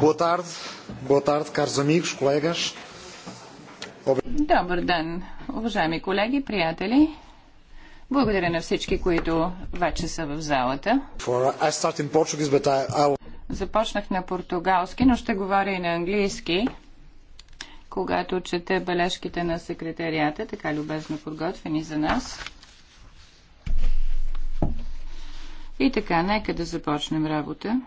Boa tarde, boa tarde, caros amigos, colegas. Добър ден, уважаеми колеги, приятели. Благодаря на всички, които вече са в залата. Започнах на португалски, но ще говоря и на английски, когато чете бележките на секретарията, така любезно подготвени за нас. И така, нека да започнем работа.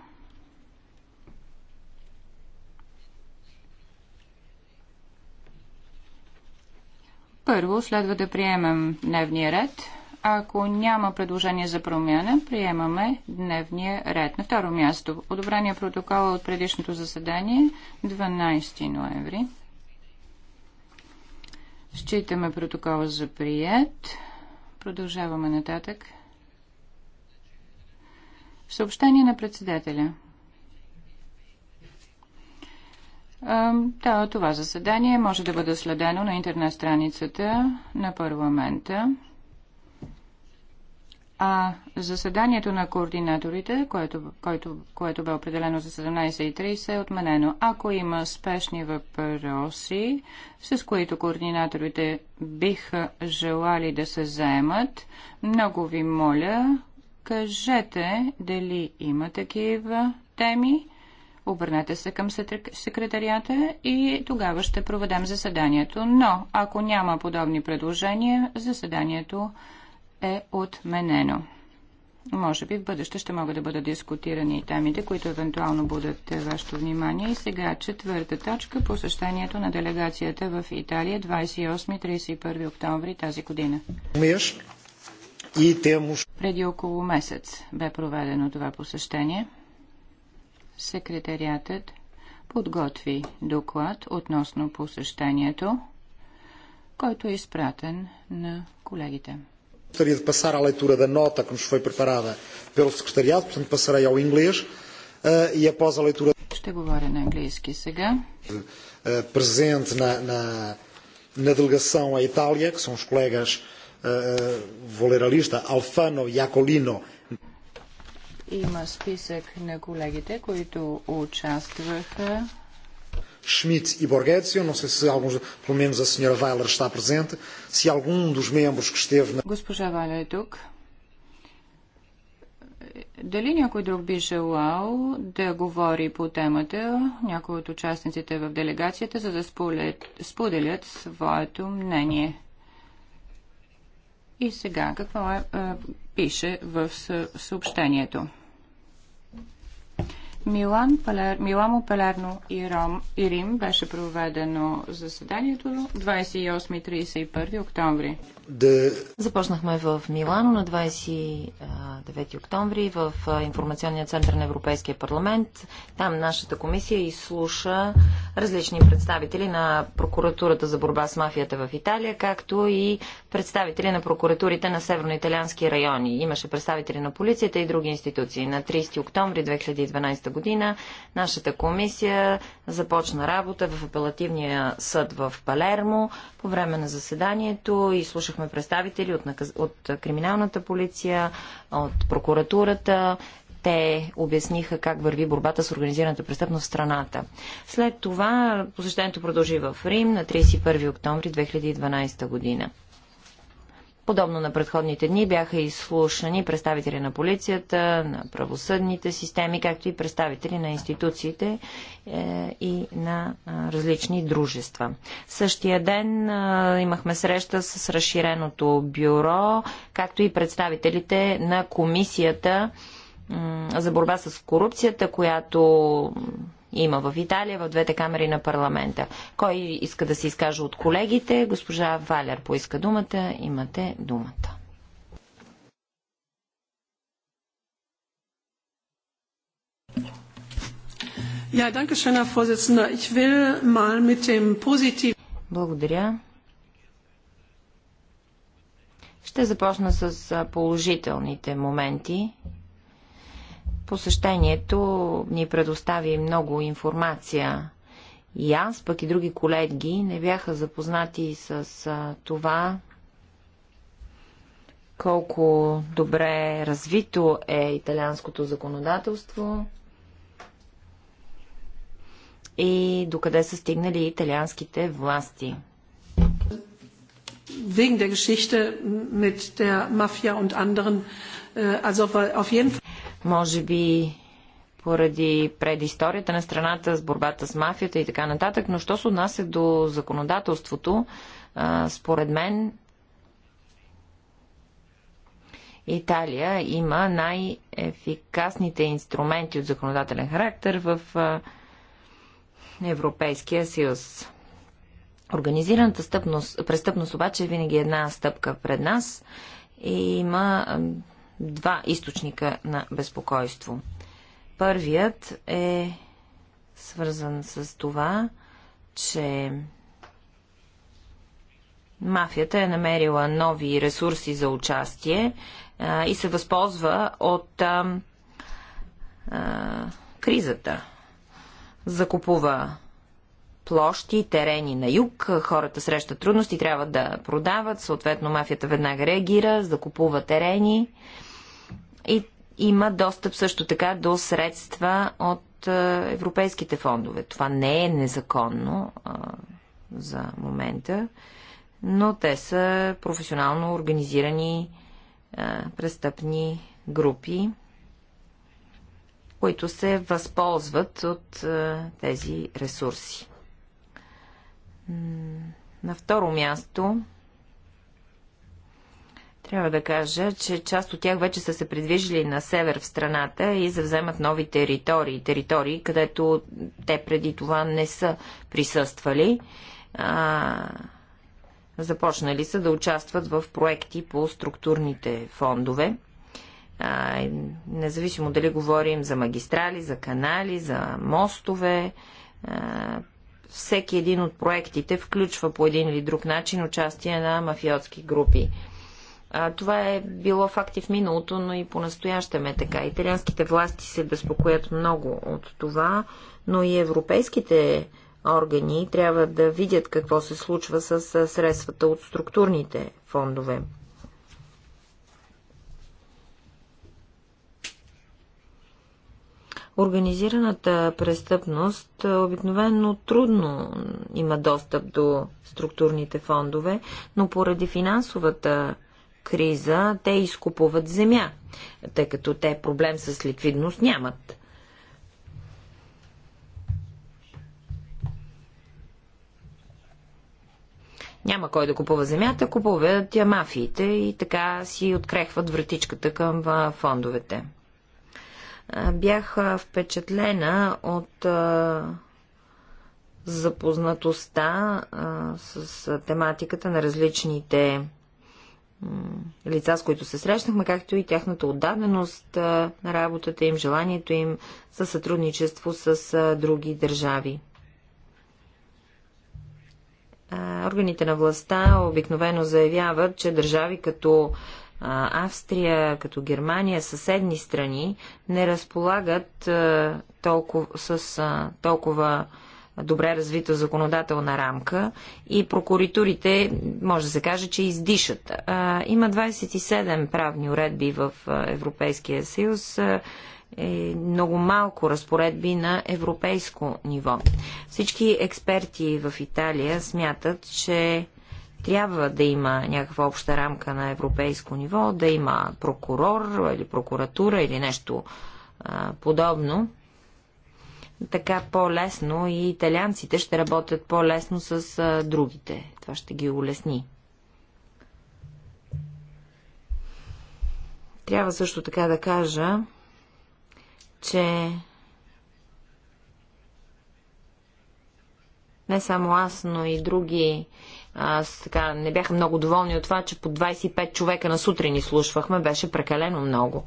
Първо следва да приемем дневния ред. Ако няма предложение за промяна, приемаме дневния ред. На второ място, одобрение протокола от предишното заседание, 12 ноември. Считаме протокола за прият. Продължаваме нататък. Съобщение на председателя. Да, това заседание може да бъде следено на интернет страницата на парламента. А заседанието на координаторите, което, което, което бе определено за 17.30, е отменено. Ако има спешни въпроси, с които координаторите биха желали да се заемат, много ви моля, кажете дали има такива теми Обърнете се към секретарията и тогава ще проведем заседанието. Но, ако няма подобни предложения, заседанието е отменено. Може би в бъдеще ще могат да бъдат дискутирани и темите, които евентуално будат вашето внимание. И сега четвърта точка – посещението на делегацията в Италия 28-31 октомври тази година. Преди около месец бе проведено това посещение – секретариатът подготви доклад относно посещението, който е изпратен на колегите. Gostaria de passar à leitura da nota que nos foi preparada pelo secretariado, portanto passarei ao inglês uh, e após a leitura ще говоря на английски сега. Uh, presente na, na, na delegação à Itália, que são os colegas, uh, vou ler a lista, Alfano, Iacolino uh, има списък на колегите, които участваха. Шмидт и Borghetti, но се sei se alguns, pelo menos a senhora Weiler está presente, se algum dos membros que Госпожа Валя е тук. Дали някой друг би желал да говори по темата, някои от участниците в делегацията, за да споделят, споделят своето мнение? И сега, какво е, е пише в съобщението? Милан, Палер, Миламо, Пелерно и, Ром, и Рим беше проведено заседанието 28-31 октомври. Започнахме в Милано на 29 октомври в Информационния център на Европейския парламент. Там нашата комисия изслуша различни представители на прокуратурата за борба с мафията в Италия, както и представители на прокуратурите на италиански райони. Имаше представители на полицията и други институции. На 30 октомври 2012 година нашата комисия започна работа в апелативния съд в Палермо. По време на заседанието изслушахме имахме представители от, наказ... от криминалната полиция, от прокуратурата. Те обясниха как върви борбата с организираната престъпност в страната. След това посещението продължи в Рим на 31 октомври 2012 година. Подобно на предходните дни бяха изслушани представители на полицията, на правосъдните системи, както и представители на институциите е, и на различни дружества. Същия ден имахме среща с разширеното бюро, както и представителите на комисията за борба с корупцията, която има в Италия, в двете камери на парламента. Кой иска да се изкаже от колегите? Госпожа Валер поиска думата. Имате думата. mit dem Positiv... Благодаря. Ще започна с положителните моменти Посещението ни предостави много информация. И аз, пък и други колеги не бяха запознати с а, това, колко добре развито е италианското законодателство и докъде са стигнали италианските власти. Wegen der Geschichte mit der Mafia und anderen, äh, also auf jeden Fall. Може би поради предисторията на страната с борбата с мафията и така нататък, но що се отнася до законодателството, според мен Италия има най-ефикасните инструменти от законодателен характер в Европейския съюз. Организираната стъпност, престъпност обаче е винаги една стъпка пред нас и има два източника на безпокойство. Първият е свързан с това, че мафията е намерила нови ресурси за участие а, и се възползва от а, а, кризата. Закупува площи, терени на юг, хората срещат трудности, трябва да продават, съответно мафията веднага реагира, закупува терени и има достъп също така до средства от е, европейските фондове. Това не е незаконно а, за момента, но те са професионално организирани а, престъпни групи, които се възползват от а, е, тези ресурси. На второ място трябва да кажа, че част от тях вече са се придвижили на север в страната и завземат нови територии, територии, където те преди това не са присъствали. А, започнали са да участват в проекти по структурните фондове. А, независимо дали говорим за магистрали, за канали, за мостове, а, всеки един от проектите включва по един или друг начин участие на мафиотски групи. А, това е било факт и в миналото, но и по-настоящем е така. Италианските власти се безпокоят много от това, но и европейските органи трябва да видят какво се случва с средствата от структурните фондове. Организираната престъпност е, обикновено трудно има достъп до структурните фондове, но поради финансовата криза те изкупуват земя, тъй като те проблем с ликвидност нямат. Няма кой да купува земята, купуват я мафиите и така си открехват вратичката към фондовете. Бях впечатлена от запознатостта с тематиката на различните лица, с които се срещнахме, както и тяхната отдаденост на работата им, желанието им за сътрудничество с други държави. Органите на властта обикновено заявяват, че държави като Австрия, като Германия, съседни страни не разполагат толкова, с толкова добре развита законодателна рамка и прокуратурите, може да се каже, че издишат. Има 27 правни уредби в Европейския съюз е, много малко разпоредби на европейско ниво. Всички експерти в Италия смятат, че трябва да има някаква обща рамка на европейско ниво, да има прокурор или прокуратура или нещо подобно, така по-лесно и италианците ще работят по-лесно с а, другите. Това ще ги улесни. Трябва също така да кажа, че не само аз, но и други аз, така, не бяха много доволни от това, че по 25 човека на сутрин изслушвахме. Беше прекалено много.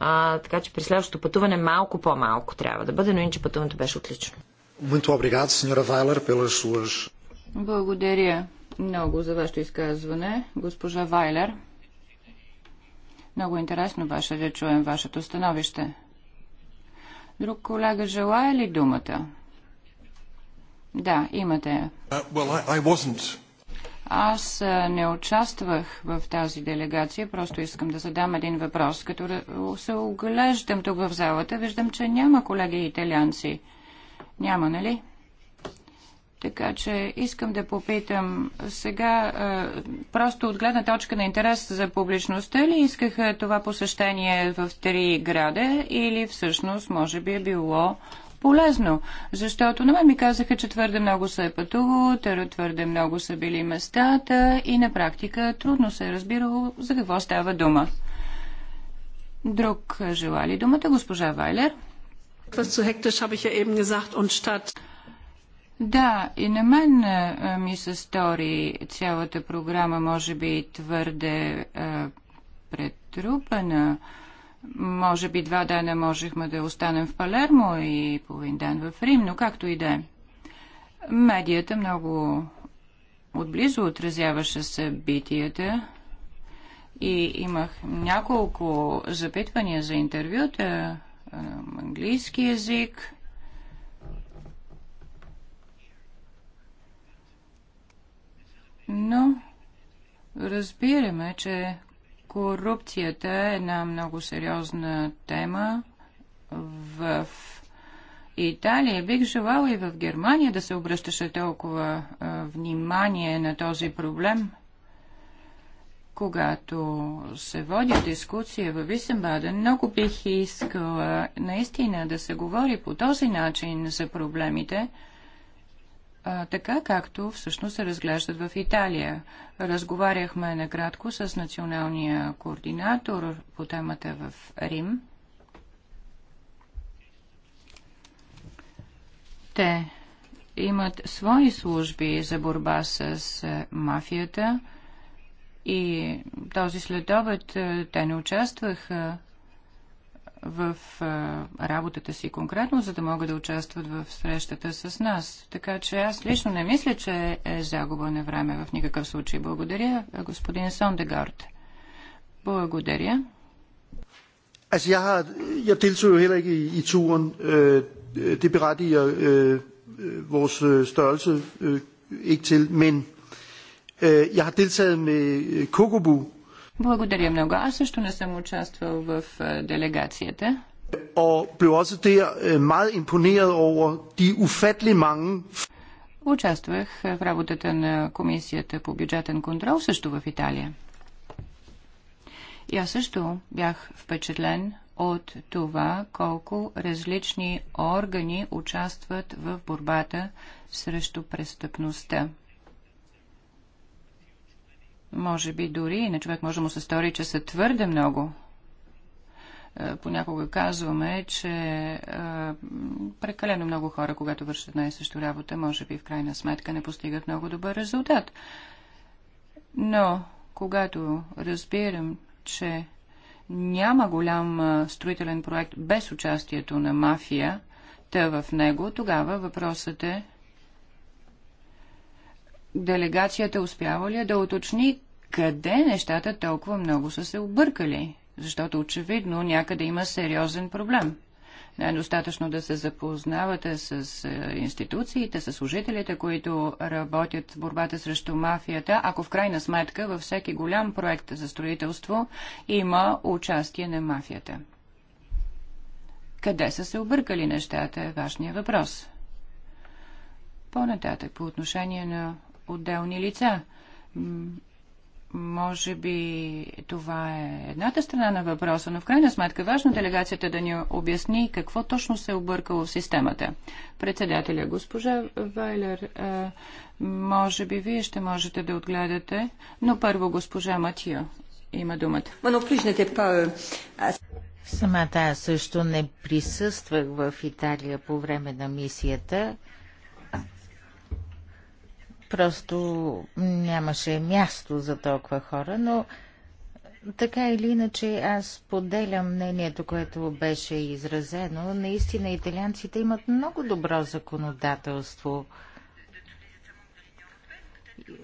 А, така че при следващото пътуване малко по-малко трябва да бъде, но иначе пътуването беше отлично. Благодаря много за вашето изказване, госпожа Вайлер. Много интересно беше да чуем вашето становище. Друг колега желая ли думата? Да, имате. Uh, well, I, I аз не участвах в тази делегация, просто искам да задам един въпрос. Като се оглеждам тук в залата, виждам, че няма колеги италианци. Няма, нали? Така че искам да попитам сега, просто от гледна точка на интерес за публичността ли искаха това посещение в три града или всъщност може би е било полезно, защото на мен ми казаха, че твърде много се е пътувало, твърде много са били местата и на практика трудно се е разбирало за какво става дума. Друг желали думата, госпожа Вайлер. да, и на мен е, ми се стори цялата програма, може би твърде е, претрупана. Може би два дена можехме да останем в Палермо и половин ден в Рим, но както и да е. Медията много отблизо отразяваше събитията и имах няколко запитвания за интервюта, английски язик. Но разбираме, че Корупцията е една много сериозна тема в Италия. Бих желал и в Германия да се обръщаше толкова а, внимание на този проблем. Когато се води дискусия в Висенбаден, много бих искала наистина да се говори по този начин за проблемите, така както всъщност се разглеждат в Италия. Разговаряхме накратко с националния координатор по темата в Рим. Те имат свои служби за борба с мафията и този следобед те не участваха в а, работата си конкретно, за да могат да участват в срещата с нас. Така че аз лично не мисля, че е загуба на време в никакъв случай. Благодаря, господин Сондегард. Благодаря. Аз я, har, jeg deltog jo heller ikke i, i turen. Øh, det berettiger øh, vores øh, størrelse øh, ikke til, men øh, jeg har deltaget med øh, Kokobu, благодаря много. Аз също не съм участвал в е, делегацията. Og blev også der е, meget imponeret over de ufattelig mange Участвах е, в работата на Комисията по бюджетен контрол също в Италия. И аз също бях впечатлен от това колко различни органи участват в борбата срещу престъпността. Може би дори на човек може да му се стори, че са твърде много. Е, понякога казваме, че е, прекалено много хора, когато вършат една и също работа, може би в крайна сметка не постигат много добър резултат. Но когато разбирам, че няма голям е, строителен проект без участието на мафия, в него, тогава въпросът е делегацията успява ли да уточни къде нещата толкова много са се объркали? Защото очевидно някъде има сериозен проблем. Не е достатъчно да се запознавате с е, институциите, с служителите, които работят в борбата срещу мафията, ако в крайна сметка във всеки голям проект за строителство има участие на мафията. Къде са се объркали нещата е важният въпрос. По-нататък, по отношение на отделни лица. Може би това е едната страна на въпроса, но в крайна сметка важно делегацията да ни обясни какво точно се е объркало в системата. Председателя, госпожа Вайлер, може би вие ще можете да отгледате, но първо госпожа Матио има думата. Самата аз също не присъствах в Италия по време на мисията. Просто нямаше място за толкова хора, но така или иначе аз поделям мнението, което беше изразено. Наистина италианците имат много добро законодателство.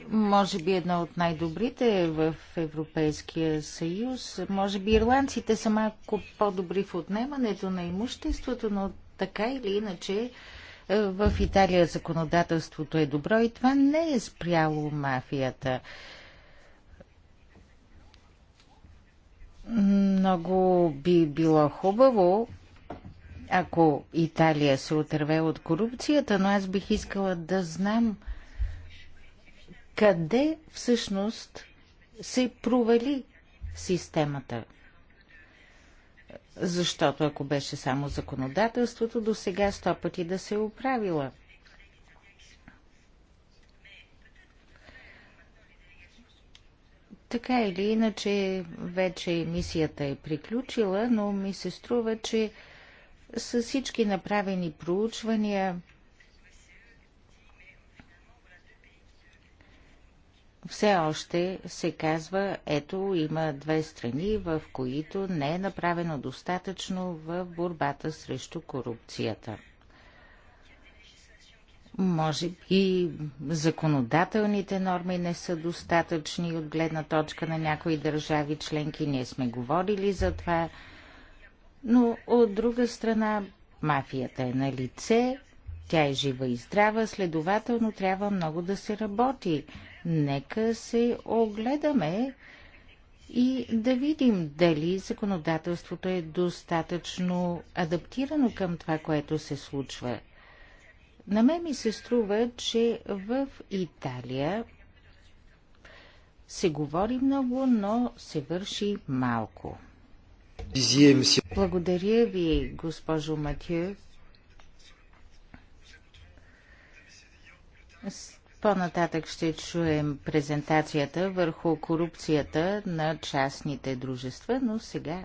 Може би едно от най-добрите в Европейския съюз. Може би ирландците са малко по-добри в отнемането на имуществото, но така или иначе в Италия законодателството е добро и това не е спряло мафията. Много би било хубаво, ако Италия се отърве от корупцията, но аз бих искала да знам къде всъщност се провали системата. Защото ако беше само законодателството, до сега сто пъти да се е оправила. Така или иначе, вече мисията е приключила, но ми се струва, че с всички направени проучвания, все още се казва, ето има две страни, в които не е направено достатъчно в борбата срещу корупцията. Може би законодателните норми не са достатъчни от гледна точка на някои държави членки. Ние сме говорили за това. Но от друга страна, мафията е на лице, тя е жива и здрава, следователно трябва много да се работи Нека се огледаме и да видим дали законодателството е достатъчно адаптирано към това, което се случва. На мен ми се струва, че в Италия се говори много, но се върши малко. Благодаря ви, госпожо Матю. По-нататък ще чуем презентацията върху корупцията на частните дружества, но сега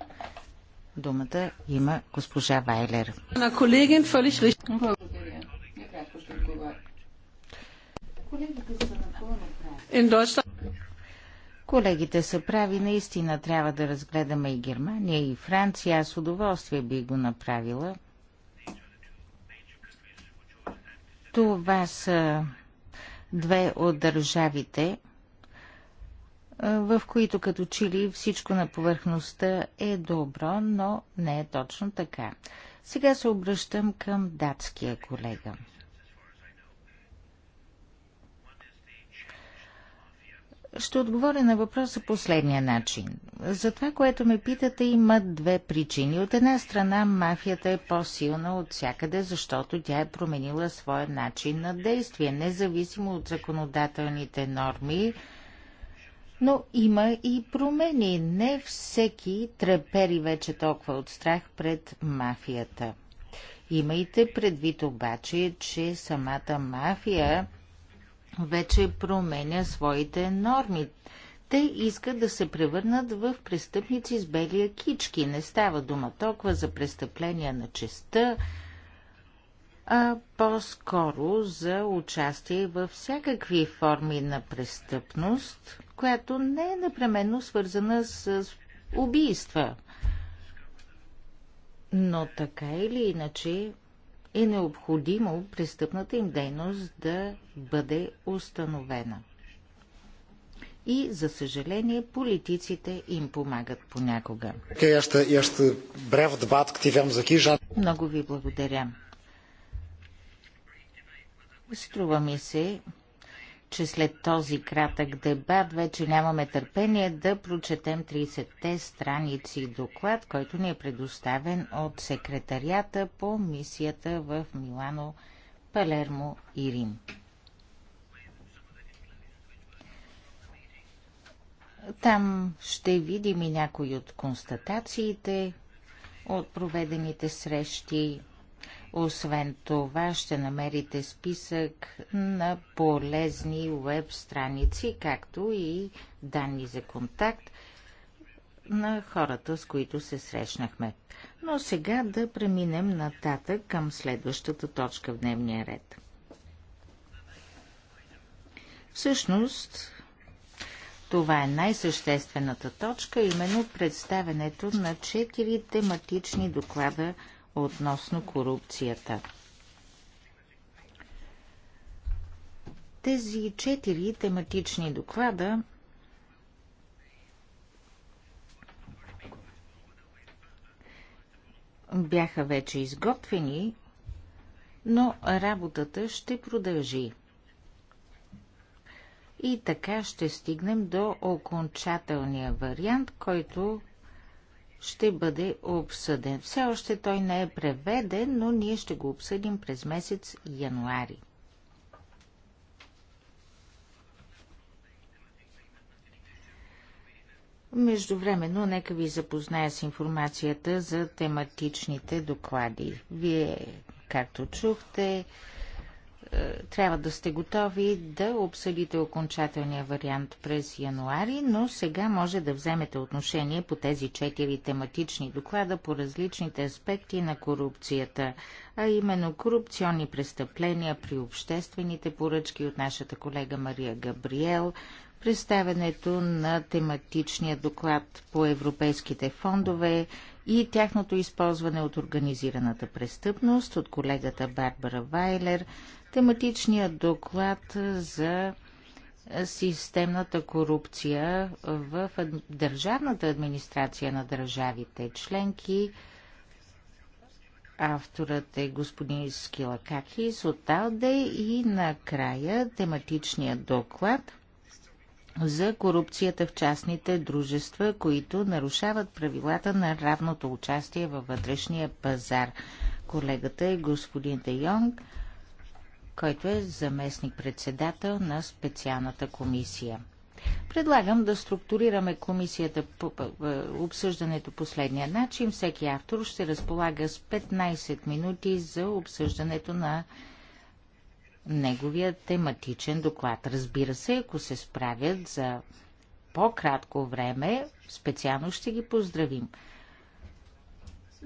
думата има госпожа Вайлер. На колегин Фалиш Благодаря. Колегите са прави. Колегите са прави, наистина трябва да разгледаме и Германия, и Франция. Аз с удоволствие би го направила. Това са две от държавите, в които като чили всичко на повърхността е добро, но не е точно така. Сега се обръщам към датския колега. Ще отговоря на въпроса последния начин. За това, което ме питате, има две причини. От една страна, мафията е по-силна от всякъде, защото тя е променила своя начин на действие, независимо от законодателните норми. Но има и промени. Не всеки трепери вече толкова от страх пред мафията. Имайте предвид обаче, че самата мафия вече променя своите норми. Те искат да се превърнат в престъпници с белия кички. Не става дума толкова за престъпления на честа, а по-скоро за участие във всякакви форми на престъпност, която не е непременно свързана с убийства. Но така или иначе, е необходимо престъпната им дейност да бъде установена. И, за съжаление, политиците им помагат понякога. Много ви благодаря. Струва ми се, че след този кратък дебат вече нямаме търпение да прочетем 30-те страници доклад, който ни е предоставен от секретарията по мисията в Милано, Палермо и Рим. Там ще видим и някои от констатациите от проведените срещи, освен това ще намерите списък на полезни веб страници, както и данни за контакт на хората, с които се срещнахме. Но сега да преминем нататък към следващата точка в дневния ред. Всъщност, това е най-съществената точка, именно представенето на четири тематични доклада – относно корупцията. Тези четири тематични доклада бяха вече изготвени, но работата ще продължи. И така ще стигнем до окончателния вариант, който ще бъде обсъден. Все още той не е преведен, но ние ще го обсъдим през месец януари. Междувременно, нека ви запозная с информацията за тематичните доклади. Вие, както чухте, трябва да сте готови да обсъдите окончателния вариант през януари, но сега може да вземете отношение по тези четири тематични доклада по различните аспекти на корупцията, а именно корупционни престъпления при обществените поръчки от нашата колега Мария Габриел, представянето на тематичния доклад по европейските фондове и тяхното използване от организираната престъпност от колегата Барбара Вайлер – тематичният доклад за системната корупция в държавната администрация на държавите членки. Авторът е господин Скилакакис от Алде и накрая тематичният доклад за корупцията в частните дружества, които нарушават правилата на равното участие във вътрешния пазар. Колегата е господин Де Йонг който е заместник-председател на специалната комисия. Предлагам да структурираме комисията по е, обсъждането последния начин. Всеки автор ще разполага с 15 минути за обсъждането на неговия тематичен доклад. Разбира се, ако се справят за по-кратко време, специално ще ги поздравим.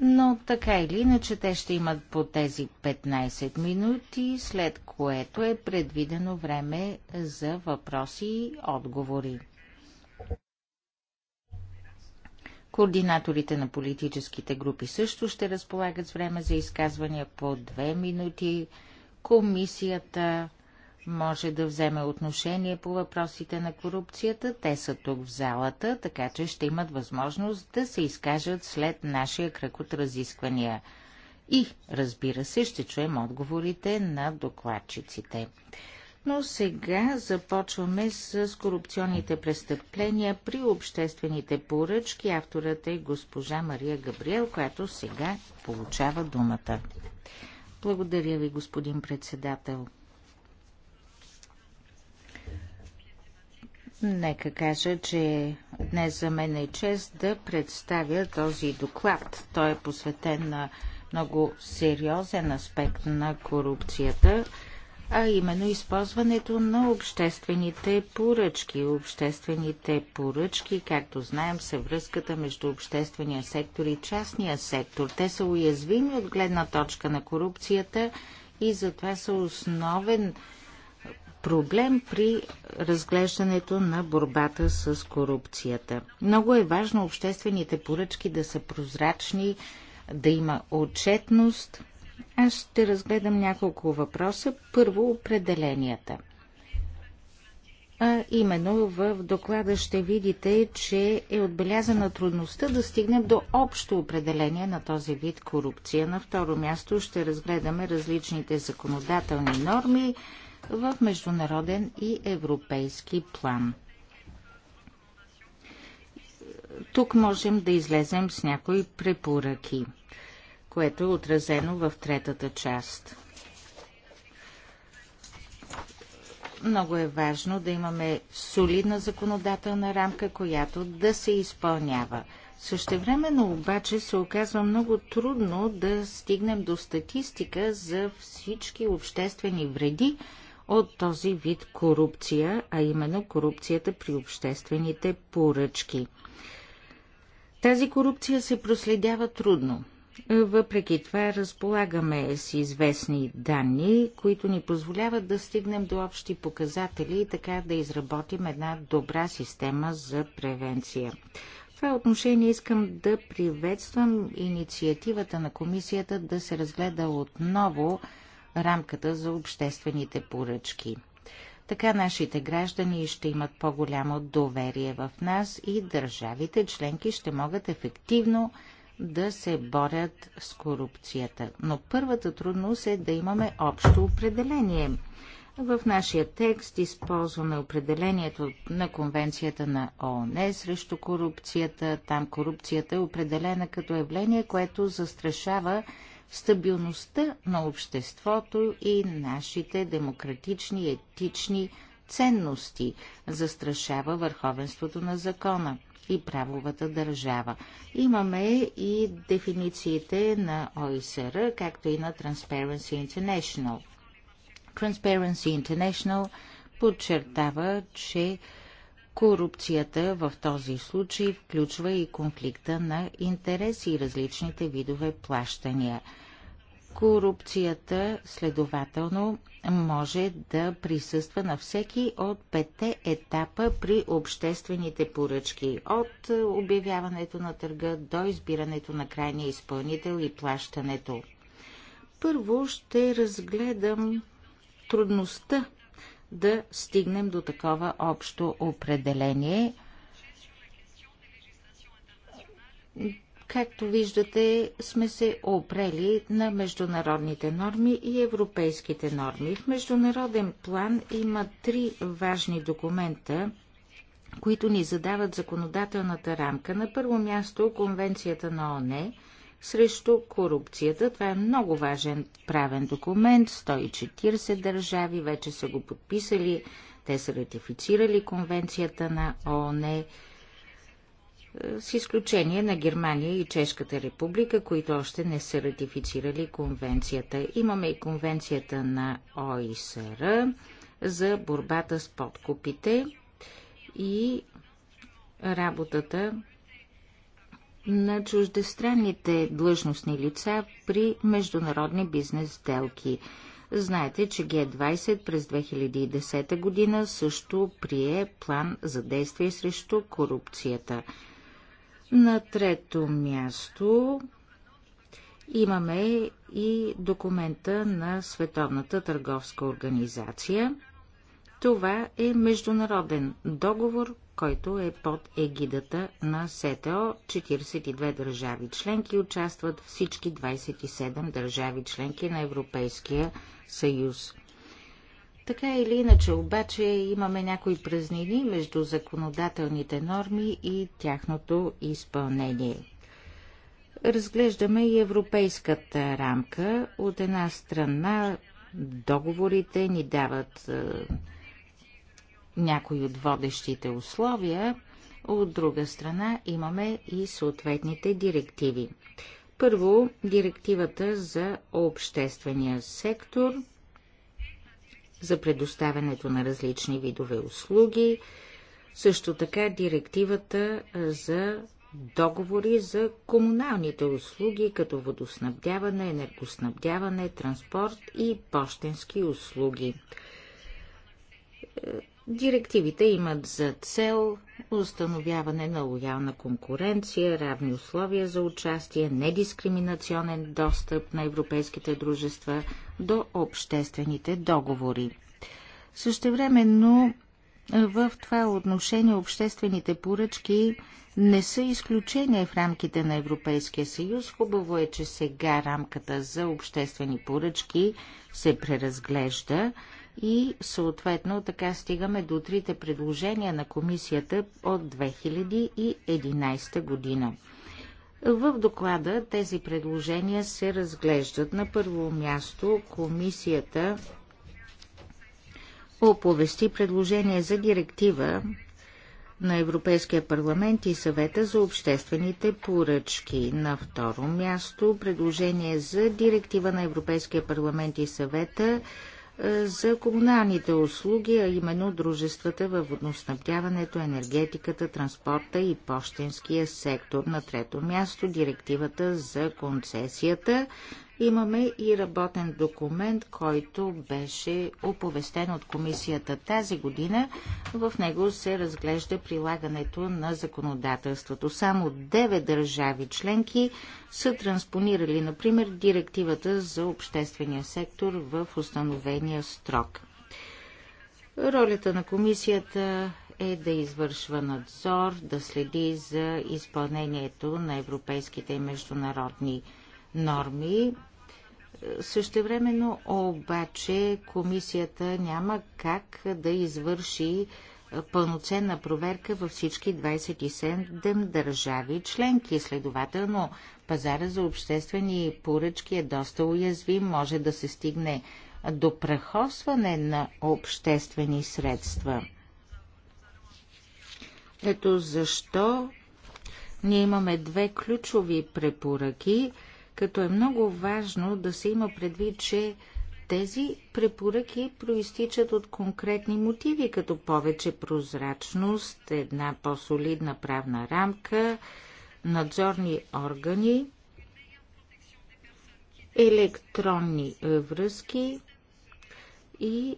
Но така или иначе те ще имат по тези 15 минути, след което е предвидено време за въпроси и отговори. Координаторите на политическите групи също ще разполагат с време за изказвания по 2 минути. Комисията може да вземе отношение по въпросите на корупцията. Те са тук в залата, така че ще имат възможност да се изкажат след нашия кръг от разисквания. И, разбира се, ще чуем отговорите на докладчиците. Но сега започваме с корупционните престъпления при обществените поръчки. Авторът е госпожа Мария Габриел, която сега получава думата. Благодаря ви, господин председател. Нека кажа, че днес за мен е чест да представя този доклад. Той е посветен на много сериозен аспект на корупцията, а именно използването на обществените поръчки. Обществените поръчки, както знаем, са връзката между обществения сектор и частния сектор. Те са уязвими от гледна точка на корупцията и затова са основен проблем при разглеждането на борбата с корупцията. Много е важно обществените поръчки да са прозрачни, да има отчетност. Аз ще разгледам няколко въпроса. Първо определенията. А именно в доклада ще видите, че е отбелязана трудността да стигнем до общо определение на този вид корупция. На второ място ще разгледаме различните законодателни норми, в международен и европейски план. Тук можем да излезем с някои препоръки, което е отразено в третата част. Много е важно да имаме солидна законодателна рамка, която да се изпълнява. Същевременно обаче се оказва много трудно да стигнем до статистика за всички обществени вреди, от този вид корупция, а именно корупцията при обществените поръчки. Тази корупция се проследява трудно. Въпреки това разполагаме с известни данни, които ни позволяват да стигнем до общи показатели и така да изработим една добра система за превенция. В това отношение искам да приветствам инициативата на комисията да се разгледа отново рамката за обществените поръчки. Така нашите граждани ще имат по-голямо доверие в нас и държавите членки ще могат ефективно да се борят с корупцията. Но първата трудност е да имаме общо определение. В нашия текст използваме определението на Конвенцията на ООН срещу корупцията. Там корупцията е определена като явление, което застрашава стабилността на обществото и нашите демократични и етични ценности, застрашава върховенството на закона и правовата държава. Имаме и дефинициите на ОИСР, както и на Transparency International. Transparency International подчертава, че Корупцията в този случай включва и конфликта на интереси и различните видове плащания. Корупцията, следователно, може да присъства на всеки от пете етапа при обществените поръчки, от е, обявяването на търга до избирането на крайния изпълнител и плащането. Първо ще разгледам трудността да стигнем до такова общо определение. Както виждате, сме се опрели на международните норми и европейските норми. В международен план има три важни документа, които ни задават законодателната рамка. На първо място Конвенцията на ОНЕ – срещу корупцията. Това е много важен правен документ. 140 държави вече са го подписали. Те са ратифицирали конвенцията на ООН е, с изключение на Германия и Чешката република, които още не са ратифицирали конвенцията. Имаме и конвенцията на ОИСР за борбата с подкупите и работата на чуждестранните длъжностни лица при международни бизнес сделки. Знаете, че Г-20 през 2010 година също прие план за действие срещу корупцията. На трето място имаме и документа на Световната търговска организация. Това е международен договор, който е под егидата на СТО. 42 държави членки участват всички 27 държави членки на Европейския съюз. Така или иначе, обаче, имаме някои празнини между законодателните норми и тяхното изпълнение. Разглеждаме и европейската рамка. От една страна, договорите ни дават е, някои от водещите условия, от друга страна имаме и съответните директиви. Първо, директивата за обществения сектор, за предоставянето на различни видове услуги, също така директивата за договори за комуналните услуги, като водоснабдяване, енергоснабдяване, транспорт и почтенски услуги. Директивите имат за цел установяване на лоялна конкуренция, равни условия за участие, недискриминационен достъп на европейските дружества до обществените договори. Същевременно в това отношение обществените поръчки не са изключение в рамките на Европейския съюз. Хубаво е, че сега рамката за обществени поръчки се преразглежда и съответно така стигаме до трите предложения на комисията от 2011 година. В доклада тези предложения се разглеждат. На първо място комисията оповести предложение за директива на Европейския парламент и съвета за обществените поръчки. На второ място предложение за директива на Европейския парламент и съвета за комуналните услуги, а именно дружествата във водоснабдяването, енергетиката, транспорта и почтенския сектор. На трето място директивата за концесията. Имаме и работен документ, който беше оповестен от комисията тази година. В него се разглежда прилагането на законодателството. Само 9 държави членки са транспонирали, например, директивата за обществения сектор в установения строк. Ролята на комисията е да извършва надзор, да следи за изпълнението на европейските и международни норми. Същевременно обаче комисията няма как да извърши пълноценна проверка във всички 27 държави членки. Следователно, пазара за обществени поръчки е доста уязвим, може да се стигне до прахосване на обществени средства. Ето защо ние имаме две ключови препоръки – като е много важно да се има предвид, че тези препоръки проистичат от конкретни мотиви, като повече прозрачност, една по-солидна правна рамка, надзорни органи, електронни е, връзки и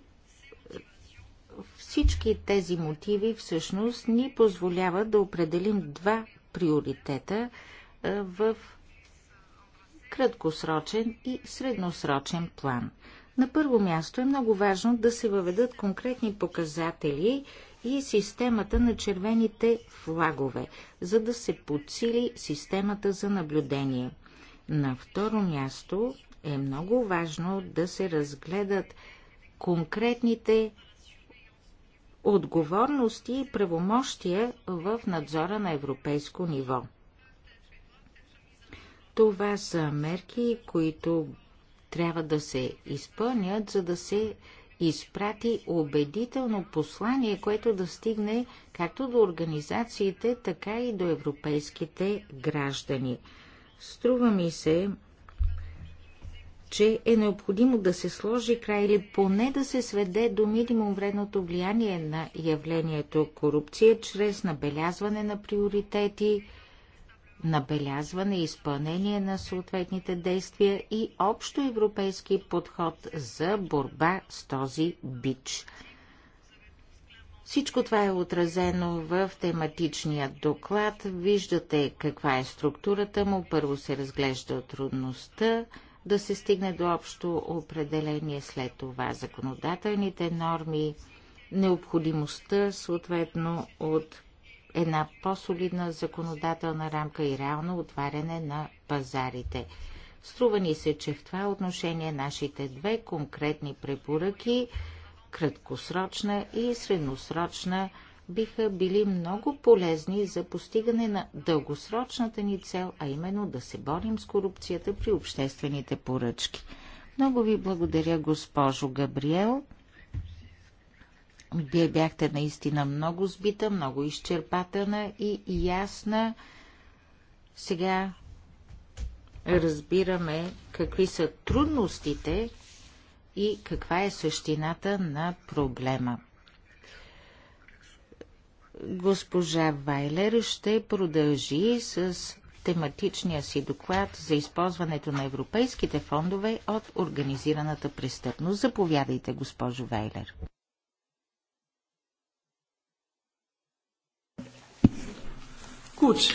всички тези мотиви всъщност ни позволяват да определим два приоритета е, в краткосрочен и средносрочен план. На първо място е много важно да се въведат конкретни показатели и системата на червените флагове, за да се подсили системата за наблюдение. На второ място е много важно да се разгледат конкретните отговорности и правомощия в надзора на европейско ниво. Това са мерки, които трябва да се изпълнят, за да се изпрати убедително послание, което да стигне както до организациите, така и до европейските граждани. Струва ми се, че е необходимо да се сложи край или поне да се сведе до минимум вредното влияние на явлението корупция чрез набелязване на приоритети, набелязване и изпълнение на съответните действия и общо европейски подход за борба с този бич. Всичко това е отразено в тематичния доклад. Виждате каква е структурата му. Първо се разглежда трудността да се стигне до общо определение, след това законодателните норми, необходимостта съответно от една по-солидна законодателна рамка и реално отваряне на пазарите. Струва ни се, че в това отношение нашите две конкретни препоръки, краткосрочна и средносрочна, биха били много полезни за постигане на дългосрочната ни цел, а именно да се борим с корупцията при обществените поръчки. Много ви благодаря, госпожо Габриел. Вие бяхте наистина много сбита, много изчерпателна и ясна. Сега разбираме какви са трудностите и каква е същината на проблема. Госпожа Вайлер ще продължи с тематичния си доклад за използването на европейските фондове от организираната престъпност. Заповядайте, госпожо Вайлер. случи.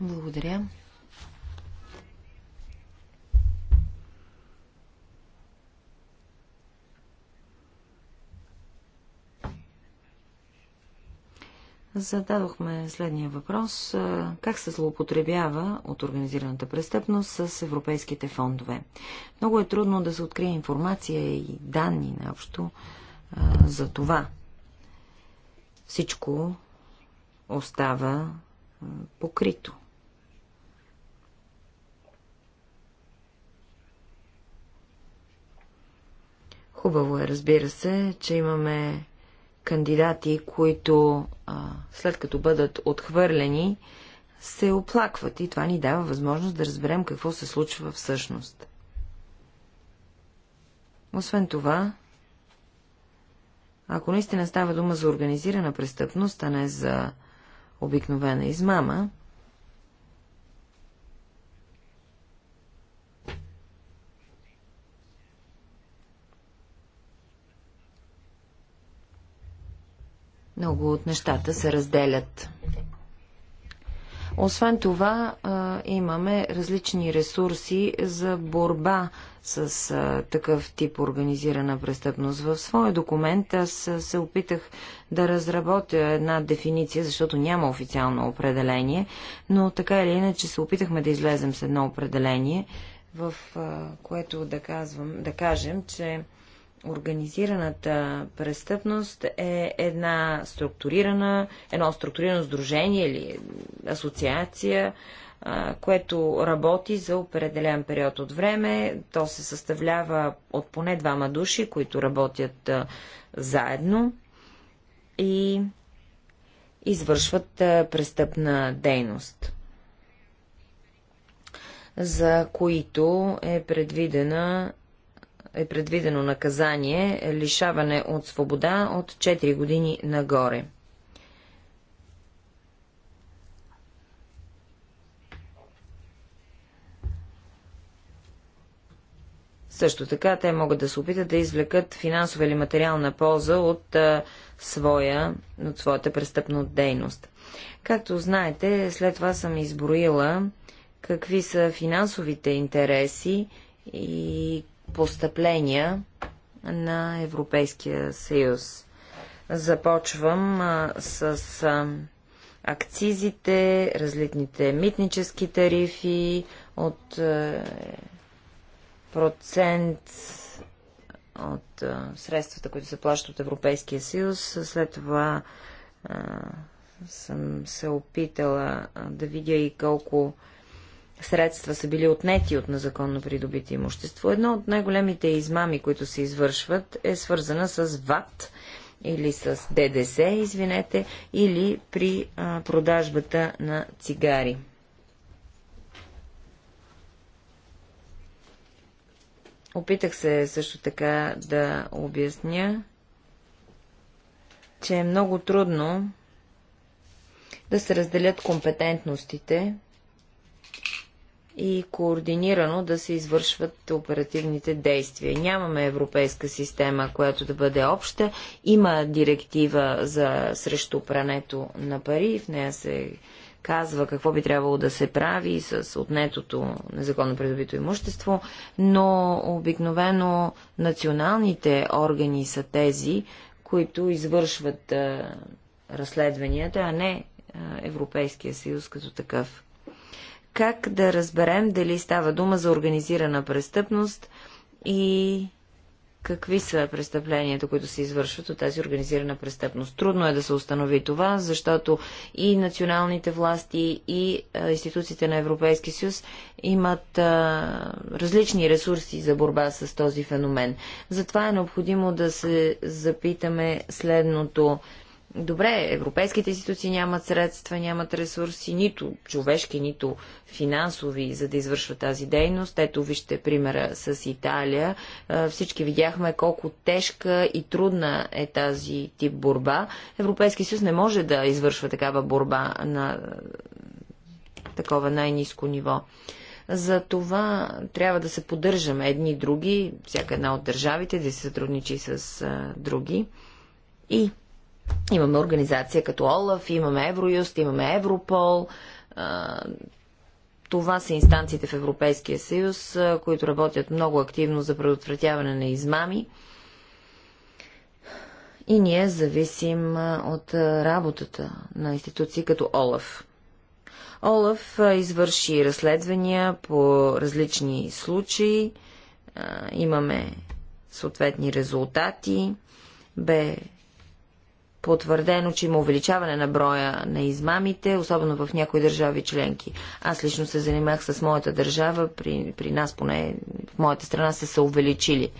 Благодаря. Зададохме следния въпрос. Как се злоупотребява от организираната престъпност с европейските фондове? Много е трудно да се открие информация и данни наобщо за това. Всичко остава покрито. Хубаво е, разбира се, че имаме кандидати, които след като бъдат отхвърлени, се оплакват и това ни дава възможност да разберем какво се случва всъщност. Освен това, ако наистина става дума за организирана престъпност, а не за обикновена измама. Много от нещата се разделят. Освен това, имаме различни ресурси за борба с такъв тип организирана престъпност. В своя документ аз се опитах да разработя една дефиниция, защото няма официално определение, но така или иначе се опитахме да излезем с едно определение, в което да, казвам, да кажем, че Организираната престъпност е една структурирана, едно структурирано сдружение или асоциация, което работи за определен период от време. То се съставлява от поне двама души, които работят заедно и извършват престъпна дейност, за които е предвидена е предвидено наказание лишаване от свобода от 4 години нагоре. Също така те могат да се опитат да извлекат финансова или материална полза от, а, своя, от своята престъпна дейност. Както знаете, след това съм изброила какви са финансовите интереси и постъпления на Европейския съюз. Започвам а, с а, акцизите, различните митнически тарифи от а, процент от а, средствата, които се плащат от Европейския съюз. След това а, съм се опитала да видя и колко а, средства са били отнети от незаконно придобити имущество. Едно от най-големите измами, които се извършват, е свързана с ВАТ или с ДДС, извинете, или при а, продажбата на цигари. Опитах се също така да обясня, че е много трудно да се разделят компетентностите и координирано да се извършват оперативните действия. Нямаме европейска система, която да бъде обща. Има директива за срещу прането на пари. В нея се казва какво би трябвало да се прави с отнетото незаконно придобито имущество, но обикновено националните органи са тези, които извършват а, разследванията, а не а, Европейския съюз като такъв как да разберем дали става дума за организирана престъпност и какви са престъпленията, които се извършват от тази организирана престъпност. Трудно е да се установи това, защото и националните власти, и институциите на Европейски съюз имат а, различни ресурси за борба с този феномен. Затова е необходимо да се запитаме следното. Добре, европейските институции нямат средства, нямат ресурси, нито човешки, нито финансови, за да извършват тази дейност. Ето вижте примера с Италия. Всички видяхме колко тежка и трудна е тази тип борба. Европейски съюз не може да извършва такава борба на такова най-низко ниво. За това трябва да се поддържаме едни други, всяка една от държавите да се сътрудничи с други. И Имаме организация като ОЛАФ, имаме Евроюст, имаме Европол. Това са инстанциите в Европейския съюз, които работят много активно за предотвратяване на измами. И ние зависим от работата на институции като ОЛАФ. Олаф извърши разследвания по различни случаи. Имаме съответни резултати. Бе потвърдено, че има увеличаване на броя на измамите, особено в някои държави членки. Аз лично се занимах с моята държава, при, при нас поне в моята страна се са увеличили.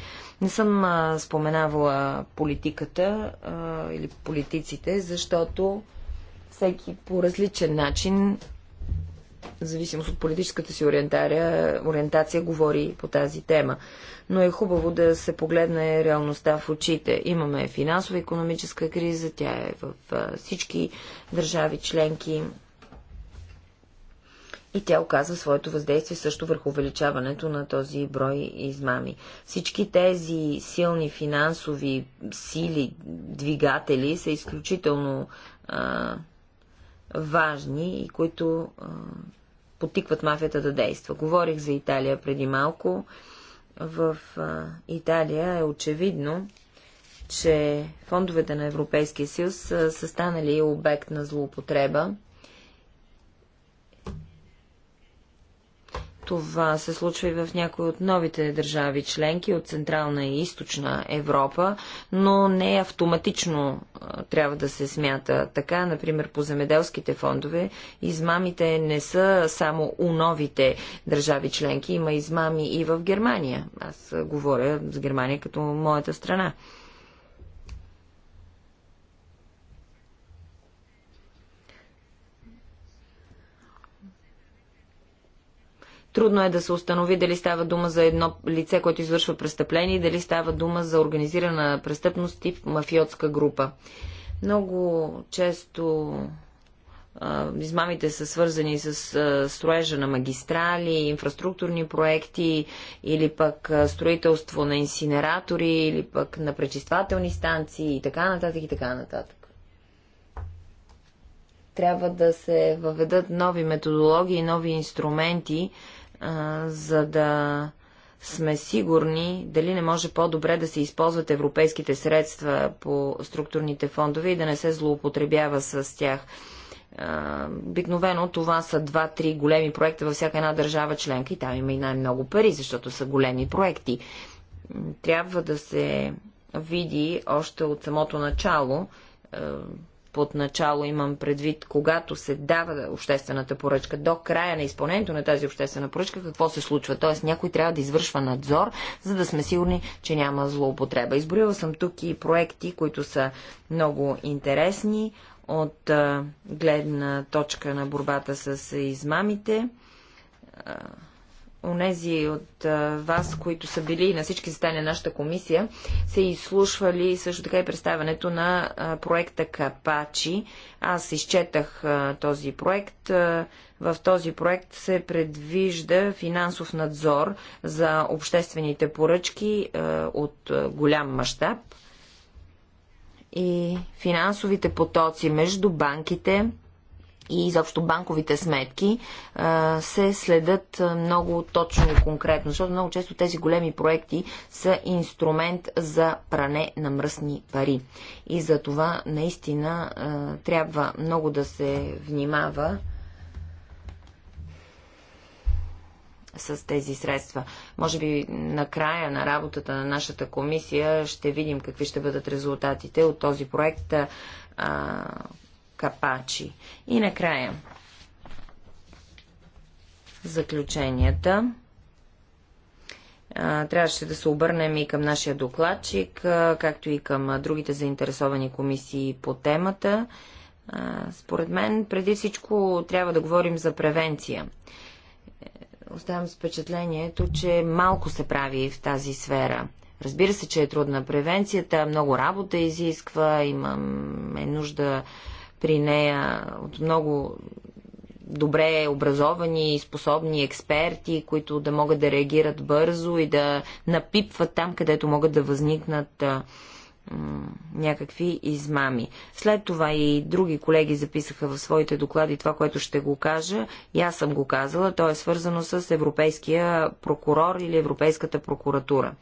Не съм а, споменавала политиката а, или политиците, защото всеки по различен начин, в зависимост от политическата си ориентация, ориентация говори по тази тема но е хубаво да се погледне реалността в очите. Имаме финансова економическа криза, тя е в всички държави членки и тя оказва своето въздействие също върху увеличаването на този брой измами. Всички тези силни финансови сили, двигатели са изключително а, важни и които а, потикват мафията да действа. Говорих за Италия преди малко. А, в Италия е очевидно, че фондовете на Европейския съюз са, са станали обект на злоупотреба Това се случва и в някои от новите държави членки от Централна и Източна Европа, но не автоматично трябва да се смята така. Например, по земеделските фондове измамите не са само у новите държави членки, има измами и в Германия. Аз говоря с Германия като моята страна. Трудно е да се установи дали става дума за едно лице, което извършва престъпление, и дали става дума за организирана престъпност тип мафиотска група. Много често измамите са свързани с строежа на магистрали, инфраструктурни проекти или пък строителство на инсинератори или пък на пречиствателни станции и така нататък и така нататък. Трябва да се въведат нови методологии, нови инструменти, за да сме сигурни дали не може по-добре да се използват европейските средства по структурните фондове и да не се злоупотребява с тях. Обикновено това са два-три големи проекта във всяка една държава членка и там има и най-много пари, защото са големи проекти. Трябва да се види още от самото начало под начало имам предвид, когато се дава обществената поръчка до края на изпълнението на тази обществена поръчка, какво се случва. Тоест някой трябва да извършва надзор, за да сме сигурни, че няма злоупотреба. Изборила съм тук и проекти, които са много интересни от гледна точка на борбата с измамите онези от вас, които са били на всички стане на нашата комисия, са изслушвали също така и представянето на проекта Капачи. Аз изчетах този проект. В този проект се предвижда финансов надзор за обществените поръчки от голям мащаб и финансовите потоци между банките и изобщо банковите сметки се следят много точно и конкретно, защото много често тези големи проекти са инструмент за пране на мръсни пари. И за това наистина трябва много да се внимава с тези средства. Може би на края на работата на нашата комисия ще видим какви ще бъдат резултатите от този проект, Капачи. И накрая заключенията. Трябваше да се обърнем и към нашия докладчик, както и към другите заинтересовани комисии по темата. Според мен, преди всичко, трябва да говорим за превенция. Е, оставам с впечатлението, че малко се прави в тази сфера. Разбира се, че е трудна превенцията, много работа изисква, имаме нужда при нея от много добре образовани и способни експерти, които да могат да реагират бързо и да напипват там, където могат да възникнат някакви измами. След това и други колеги записаха в своите доклади това, което ще го кажа. И аз съм го казала. То е свързано с Европейския прокурор или Европейската прокуратура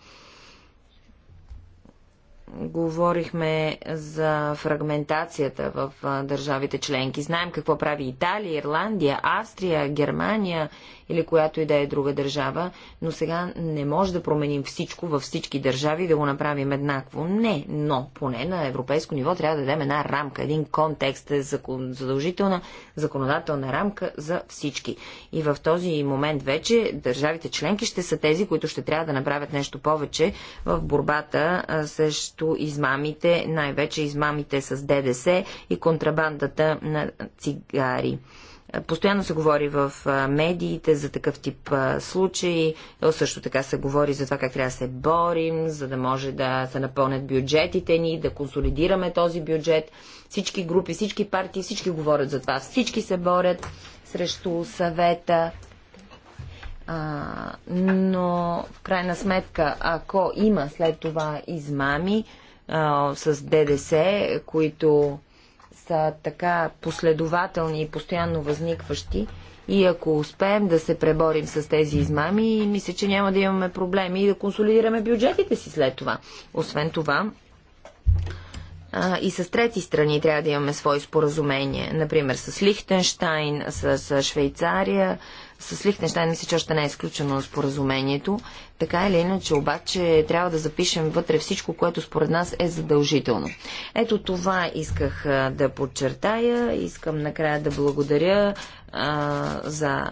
говорихме за фрагментацията в държавите членки. Знаем какво прави Италия, Ирландия, Австрия, Германия или която и да е друга държава, но сега не може да променим всичко във всички държави да го направим еднакво. Не, но поне на европейско ниво трябва да дадем една рамка, един контекст, е задължителна законодателна рамка за всички. И в този момент вече държавите членки ще са тези, които ще трябва да направят нещо повече в борбата срещу измамите, най-вече измамите с ДДС и контрабандата на цигари. Постоянно се говори в медиите за такъв тип случаи. Също така се говори за това как трябва да се борим, за да може да се напълнят бюджетите ни, да консолидираме този бюджет. Всички групи, всички партии, всички говорят за това. Всички се борят срещу съвета. А, но в крайна сметка, ако има след това измами а, с ДДС, които са така последователни и постоянно възникващи, и ако успеем да се преборим с тези измами, мисля, че няма да имаме проблеми и да консолидираме бюджетите си след това. Освен това, а, и с трети страни трябва да имаме свои споразумения. Например, с Лихтенштайн, с, с Швейцария. С Лихтенштайн мисля, че още не е изключено споразумението. Така или иначе, обаче, трябва да запишем вътре всичко, което според нас е задължително. Ето това исках да подчертая. Искам накрая да благодаря а, за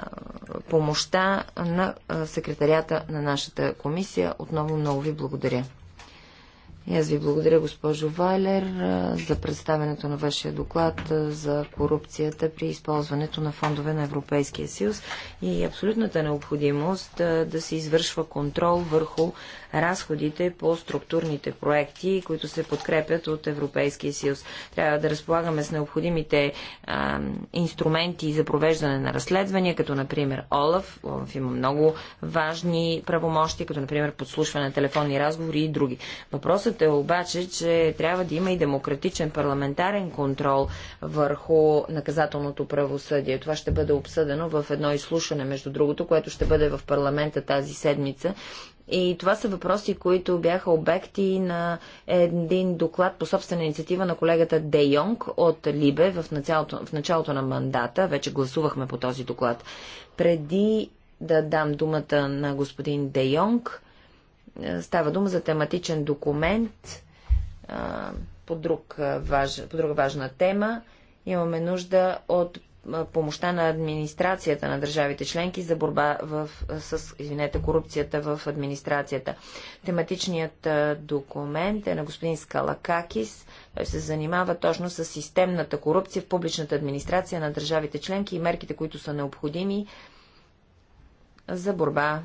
помощта на секретарията на нашата комисия. Отново много ви благодаря. И аз ви благодаря, госпожо Вайлер, за представенето на вашия доклад за корупцията при използването на фондове на Европейския съюз и е абсолютната необходимост да, да се извършва контрол върху разходите по структурните проекти, които се подкрепят от Европейския съюз. Трябва да разполагаме с необходимите а, инструменти за провеждане на разследвания, като например ОЛАФ. ОЛАФ има много важни правомощи, като например подслушване на телефонни разговори и други. Въпросът е обаче, че трябва да има и демократичен парламентарен контрол върху наказателното правосъдие. Това ще бъде обсъдено в едно изслушване, между другото, което ще бъде в парламента тази седмица и това са въпроси, които бяха обекти на един доклад по собствена инициатива на колегата Де Йонг от Либе в началото, в началото на мандата. Вече гласувахме по този доклад. Преди да дам думата на господин Де Йонг, е, става дума за тематичен документ е, по, друг, е, важ, по друга важна тема. Имаме нужда от помощта на администрацията на държавите членки за борба в, с извинете, корупцията в администрацията. Тематичният документ е на господин Скалакакис. Той се занимава точно с системната корупция в публичната администрация на държавите членки и мерките, които са необходими за борба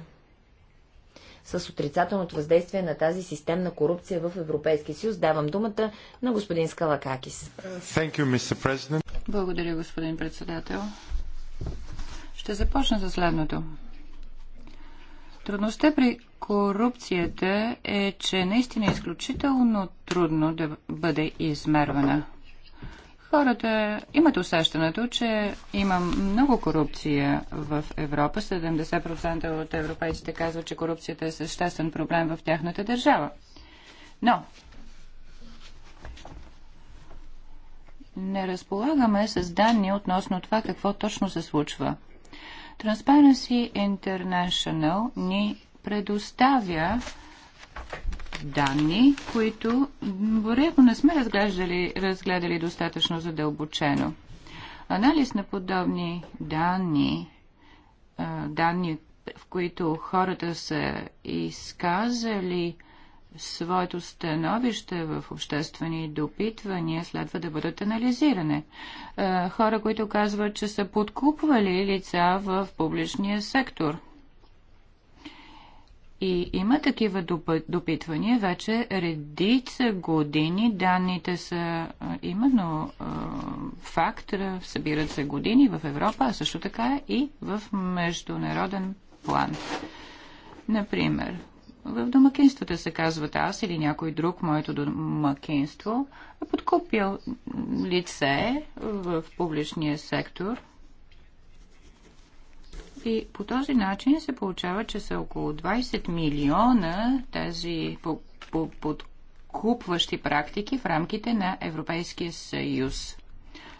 с отрицателното въздействие на тази системна корупция в Европейския съюз. Давам думата на господин Скалакакис. You, благодаря, господин председател. Ще започна за следното. Трудността при корупцията е, че наистина е изключително трудно да бъде измервана. Хората имат усещането, че има много корупция в Европа. 70% от европейците казват, че корупцията е съществен проблем в тяхната държава. Но не разполагаме с данни относно това какво точно се случва. Transparency International ни предоставя данни, които вероятно не сме разглеждали, разгледали достатъчно задълбочено. Анализ на подобни данни, данни, в които хората са изказали своето становище в обществени допитвания следва да бъдат анализирани. Е, хора, които казват, че са подкупвали лица в публичния сектор. И има такива допитвания вече редица години. Данните са е, именно е, факт, събират се години в Европа, а също така и в международен план. Например, в домакинствата се казват аз или някой друг, моето домакинство е подкупил лице в публичния сектор. И по този начин се получава, че са около 20 милиона тези подкупващи практики в рамките на Европейския съюз.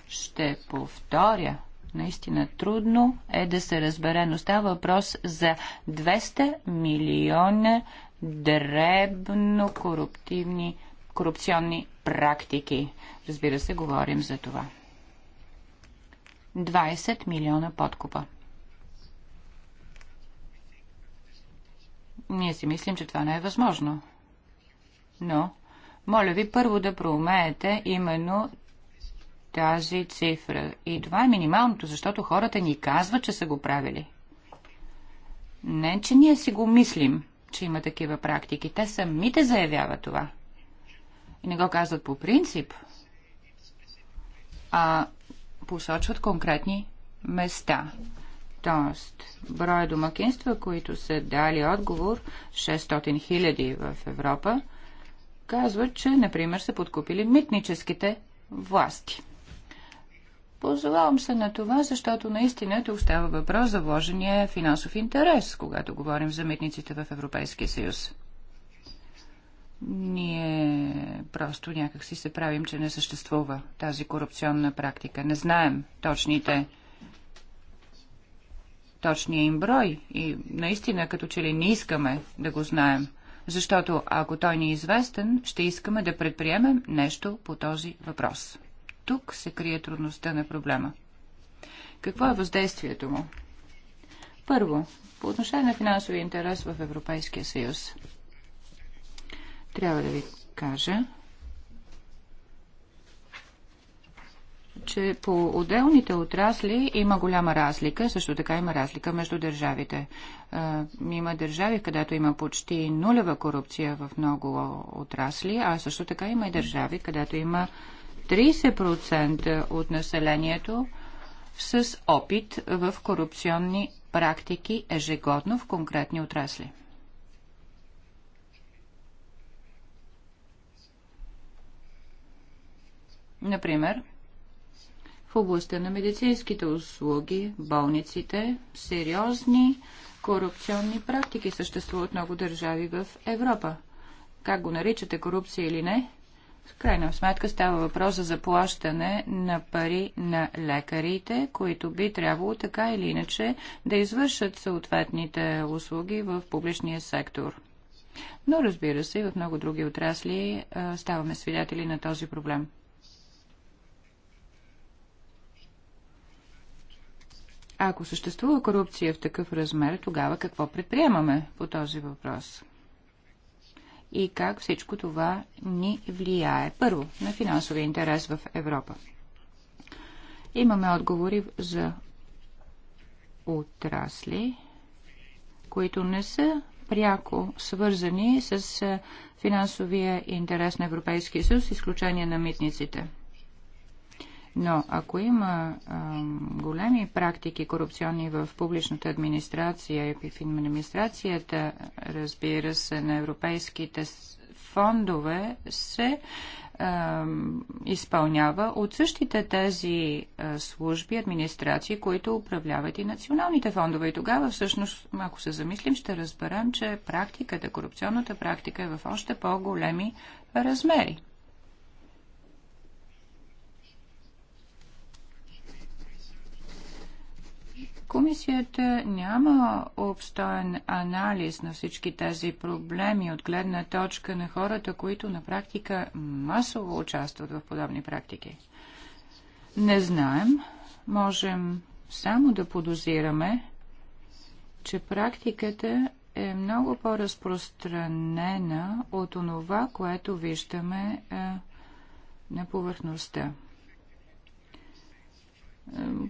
Ще повторя – наистина трудно е да се разбере, но става въпрос за 200 милиона дребно коруптивни, корупционни практики. Разбира се, говорим за това. 20 милиона подкупа. Ние си мислим, че това не е възможно. Но, моля ви първо да проумеете именно тази цифра. И това е минималното, защото хората ни казват, че са го правили. Не, че ние си го мислим, че има такива практики. Те самите заявяват това. И не го казват по принцип, а посочват конкретни места. Тоест, броя домакинства, които са дали отговор, 600 хиляди в Европа, казват, че, например, са подкупили митническите власти. Позовавам се на това, защото наистина тук става въпрос за вложения финансов интерес, когато говорим за митниците в Европейския съюз. Ние просто някак си се правим, че не съществува тази корупционна практика. Не знаем точните точния им брой и наистина като че ли не искаме да го знаем, защото ако той ни е известен, ще искаме да предприемем нещо по този въпрос. Тук се крие трудността на проблема. Какво е въздействието му? Първо, по отношение на финансови интерес в Европейския съюз. Трябва да ви кажа, че по отделните отрасли има голяма разлика, също така има разлика между държавите. Има държави, където има почти нулева корупция в много отрасли, а също така има и държави, където има 30% от населението с опит в корупционни практики ежегодно в конкретни отрасли. Например, в областта на медицинските услуги, болниците, сериозни корупционни практики съществуват много държави в Европа. Как го наричате корупция или не – в крайна сметка става въпрос за заплащане на пари на лекарите, които би трябвало така или иначе да извършат съответните услуги в публичния сектор. Но разбира се, и в много други отрасли ставаме свидетели на този проблем. Ако съществува корупция в такъв размер, тогава какво предприемаме по този въпрос? и как всичко това ни влияе. Първо, на финансовия интерес в Европа. Имаме отговори за отрасли, които не са пряко свързани с финансовия интерес на Европейския съюз, изключение на митниците. Но ако има а, големи практики корупционни в публичната администрация и в администрацията, разбира се, на европейските фондове се а, изпълнява от същите тези а, служби, администрации, които управляват и националните фондове. И тогава всъщност, ако се замислим, ще разберем, че практиката, корупционната практика е в още по-големи размери. Комисията няма обстоен анализ на всички тези проблеми от гледна точка на хората, които на практика масово участват в подобни практики. Не знаем, можем само да подозираме, че практиката е много по-разпространена от онова, което виждаме е, на повърхността.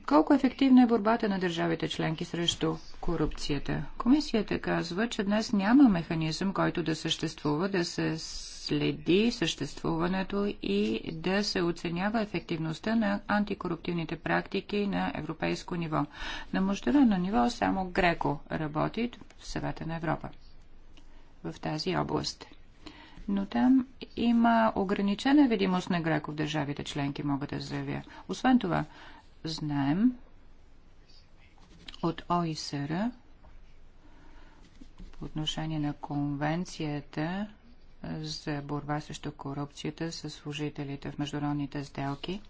Колко ефективна е борбата на държавите членки срещу корупцията? Комисията казва, че днес няма механизъм, който да съществува, да се следи съществуването и да се оценява ефективността на антикоруптивните практики на европейско ниво. На международно ниво само Греко работи в съвета на Европа в тази област. Но там има ограничена видимост на Греко в държавите членки, мога да заявя. Освен това, знаем от ОИСР по отношение на конвенцията за борба срещу корупцията с служителите в международните сделки.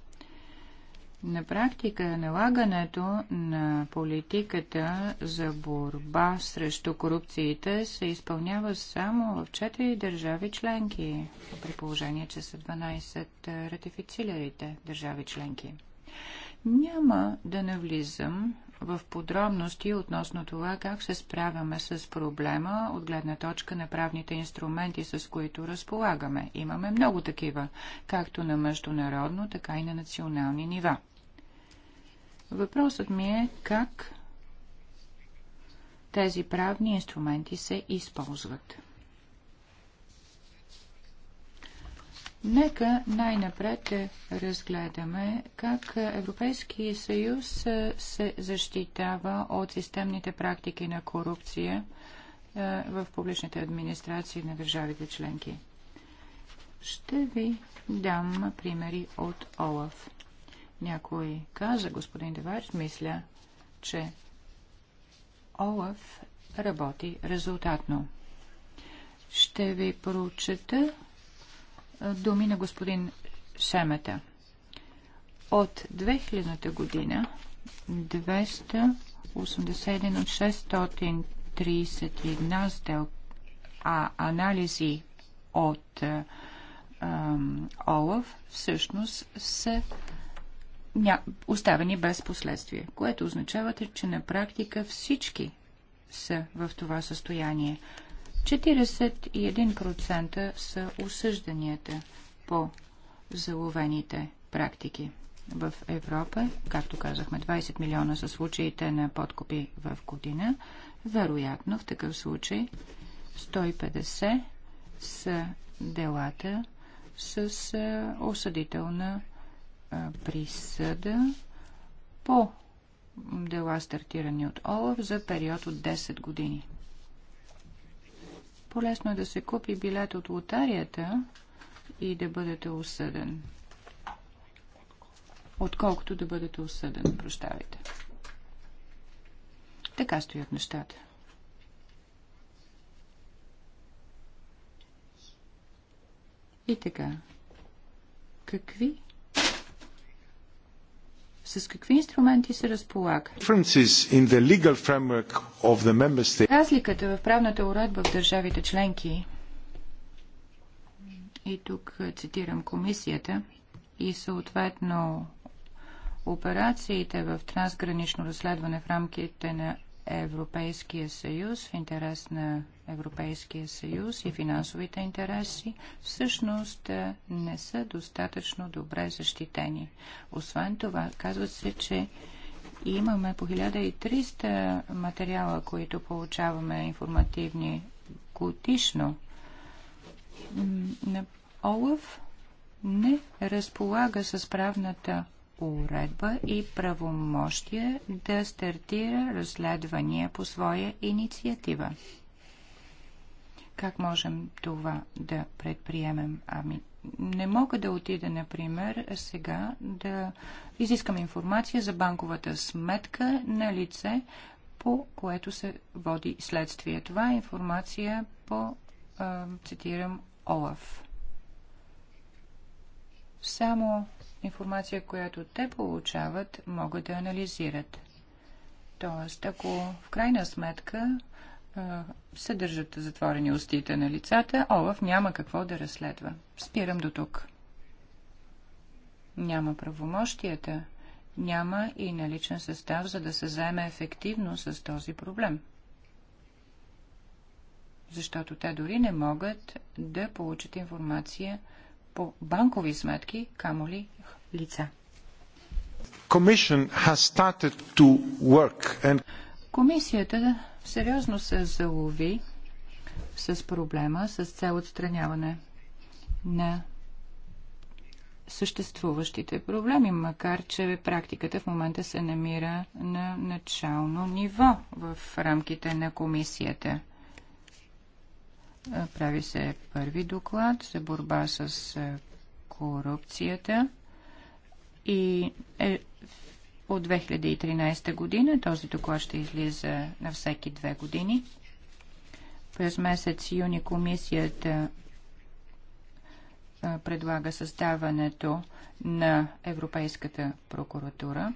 На практика налагането на политиката за борба срещу корупциите се изпълнява само в 4 държави членки, при положение, че са 12 ратифициралите държави членки. Няма да навлизам в подробности относно това как се справяме с проблема от гледна точка на правните инструменти, с които разполагаме. Имаме много такива, както на международно, така и на национални нива. Въпросът ми е как тези правни инструменти се използват. Нека най-напред да разгледаме как Европейския съюз се защитава от системните практики на корупция в публичните администрации на държавите членки. Ще ви дам примери от Олаф. Някой каза, господин Девач, мисля, че Олаф работи резултатно. Ще ви прочета думи на господин Шемета. От 2000-та година 281 от 631 сдел, а анализи от Олаф всъщност са оставени без последствия, което означава, че на практика всички са в това състояние. 41% са осъжданията по заловените практики в Европа. Както казахме, 20 милиона са случаите на подкопи в година. Вероятно, в такъв случай 150 са делата с осъдителна присъда по дела стартирани от ОЛАФ за период от 10 години. По-лесно е да се купи билет от лотарията и да бъдете осъден. Отколкото да бъдете осъден, прощавайте. Така стоят нещата. И така. Какви с какви инструменти се разполага? Разликата в правната уредба в държавите членки и тук е, цитирам комисията и съответно операциите в трансгранично разследване в рамките на Европейския съюз, в интерес на Европейския съюз и финансовите интереси, всъщност е, не са достатъчно добре защитени. Освен това, казва се, че имаме по 1300 материала, които получаваме информативни годишно. Олаф не разполага с правната уредба и правомощие да стартира разследвания по своя инициатива. Как можем това да предприемем? Ами, не мога да отида, например, сега да изискам информация за банковата сметка на лице, по което се води следствие. Това е информация по, цитирам, ОЛАФ. Само информация, която те получават, могат да анализират. Тоест, ако в крайна сметка се държат затворени устите на лицата, Олаф няма какво да разследва. Спирам до тук. Няма правомощията, няма и наличен състав, за да се заеме ефективно с този проблем. Защото те дори не могат да получат информация по банкови сметки, камо ли лица. And... Комисията сериозно се залови с проблема с цел отстраняване на съществуващите проблеми, макар че практиката в момента се намира на начално ниво в рамките на комисията. Е, прави се първи доклад за борба с е, корупцията и е, от 2013 година този доклад ще излиза на всеки две години. През месец юни комисията е, предлага създаването на Европейската прокуратура.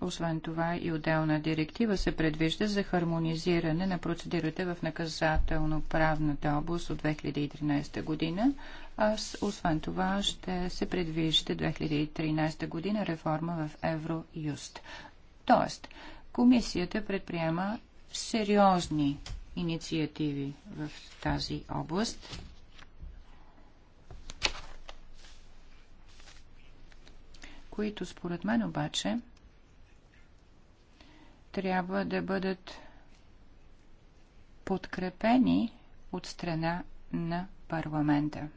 Освен това и отделна директива се предвижда за хармонизиране на процедурите в наказателно-правната област от 2013 година. а освен това, ще се предвижда 2013 година реформа в Евроюст. Тоест, комисията предприема сериозни инициативи в тази област. които според мен обаче трябва да бъдат подкрепени от страна на парламента.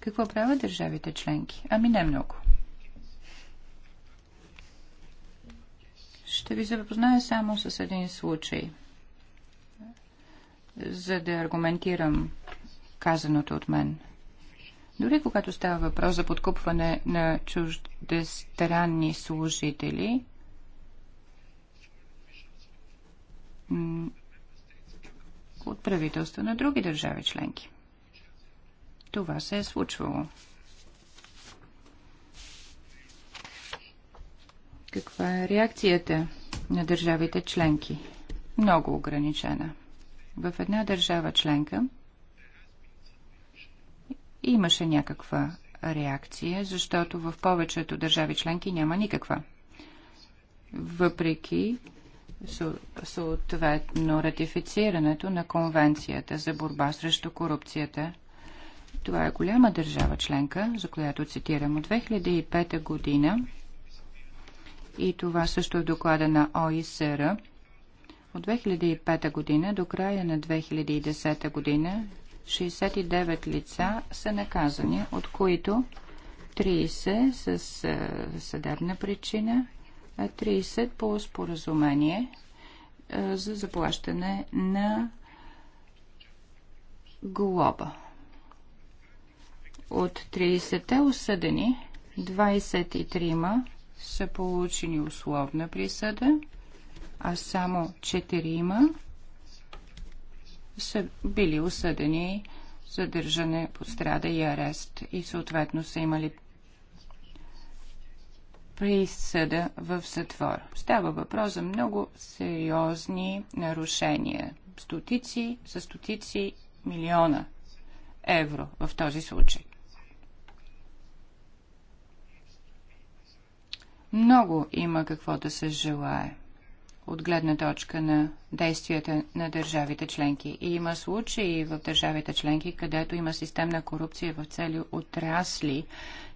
Какво правят държавите членки? Ами не много. Ще ви запозная само с един случай, за да аргументирам казаното от мен – дори когато става въпрос за подкупване на чуждестранни служители, от правителства на други държави членки. Това се е случвало. Каква е реакцията на държавите членки? Много ограничена. В една държава членка и имаше някаква реакция, защото в повечето държави членки няма никаква. Въпреки съответно ратифицирането на Конвенцията за борба срещу корупцията. Това е голяма държава членка, за която цитирам от 2005 година и това също е доклада на ОИСР. От 2005 година до края на 2010 година 69 лица са наказани, от които 30 с е, съдебна причина, 30 по споразумение е, за заплащане на глоба. От 30-те осъдени, 23 са получени условна присъда, а само 4 са били осъдени задържане, пострада и арест и съответно са имали присъда в затвор. Става въпрос за много сериозни нарушения. Стотици за стотици милиона евро в този случай. Много има какво да се желае от гледна точка на действията на държавите членки. И има случаи в държавите членки, където има системна корупция в цели отрасли,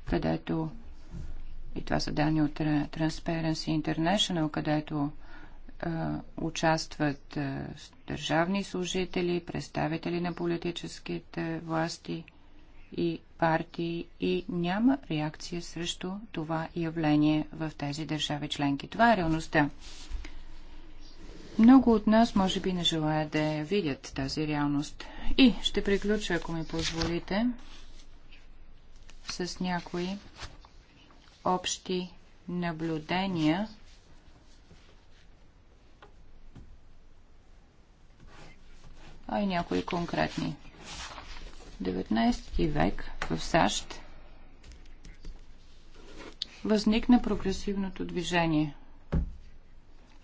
където и това са данни от Transparency International, където участват държавни служители, представители на политическите власти и партии и няма реакция срещу това явление в тези държави членки. Това е реалността. Много от нас може би не желаят да я видят тази реалност. И ще приключа, ако ми позволите, с някои общи наблюдения а и някои конкретни. 19 век в САЩ възникна прогресивното движение –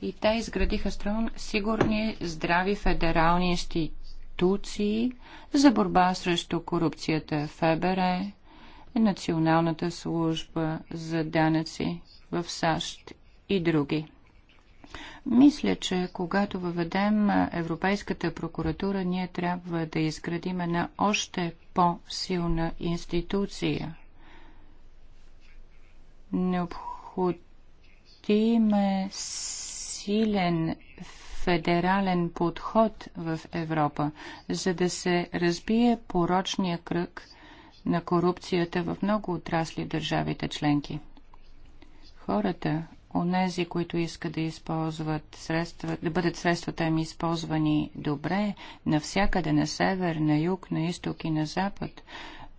и те изградиха строн сигурни, здрави федерални институции за борба срещу корупцията ФБР, Националната служба за данъци в САЩ и други. Мисля, че когато въведем Европейската прокуратура, ние трябва да изградим една още по-силна институция. Необходим е силен федерален подход в Европа, за да се разбие порочния кръг на корупцията в много отрасли държавите членки. Хората, онези, които искат да използват средства, да бъдат средствата им използвани добре, навсякъде на север, на юг, на изток и на запад,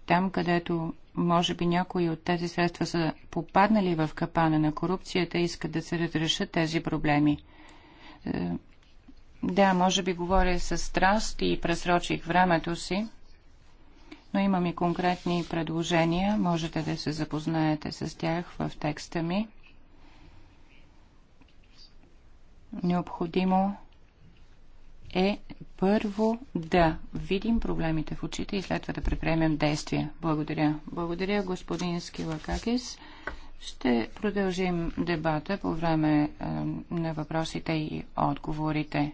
там, където може би някои от тези средства са попаднали в капана на корупцията и искат да се разрешат тези проблеми. Е, да, може би говоря с страст и пресрочих времето си, но имам и конкретни предложения. Можете да се запознаете с тях в текста ми. Необходимо е първо да видим проблемите в очите и след това да предприемем действия. Благодаря. Благодаря, господин Скилакакис. Ще продължим дебата по време е, на въпросите и отговорите.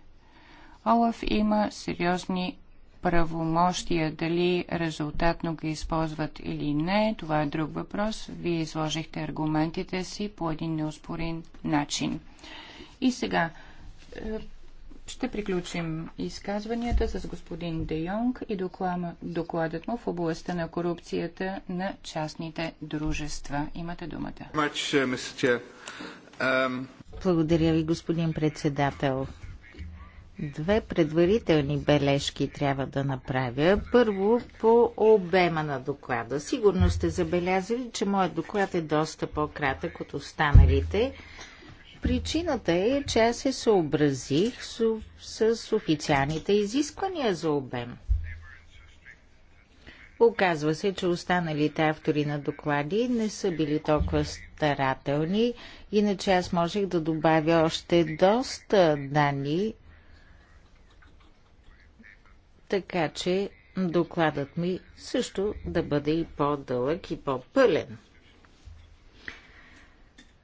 Олаф има сериозни правомощия, дали резултатно ги използват или не, това е друг въпрос. Вие изложихте аргументите си по един неоспорен начин. И сега, е, ще приключим изказванията с господин Де Йонг и доклама, докладът му в областта на корупцията на частните дружества. Имате думата. Uh, um, Благодаря ви, господин председател. Две предварителни бележки трябва да направя. Първо, по обема на доклада. Сигурно сте забелязали, че моят доклад е доста по-кратък от останалите. Причината е, че аз се съобразих с, с официалните изисквания за обем. Оказва се, че останалите автори на доклади не са били толкова старателни, иначе аз можех да добавя още доста данни, така че докладът ми също да бъде и по-дълъг и по-пълен.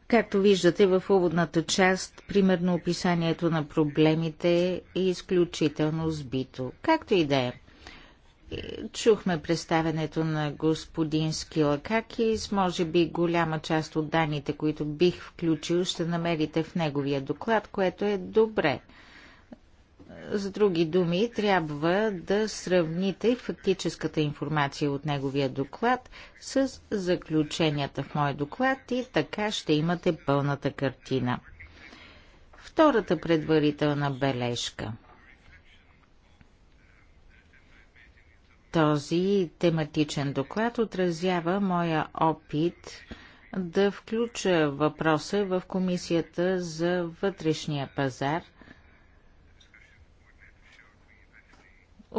Както виждате в уводната част, примерно описанието на проблемите е изключително сбито. Както и да е. е. Чухме представенето на господин Скилакакис. Може би голяма част от данните, които бих включил, ще намерите в неговия доклад, което е добре. С други думи, трябва да сравните фактическата информация от неговия доклад с заключенията в моя доклад и така ще имате пълната картина. Втората предварителна бележка. Този тематичен доклад отразява моя опит да включа въпроса в Комисията за вътрешния пазар –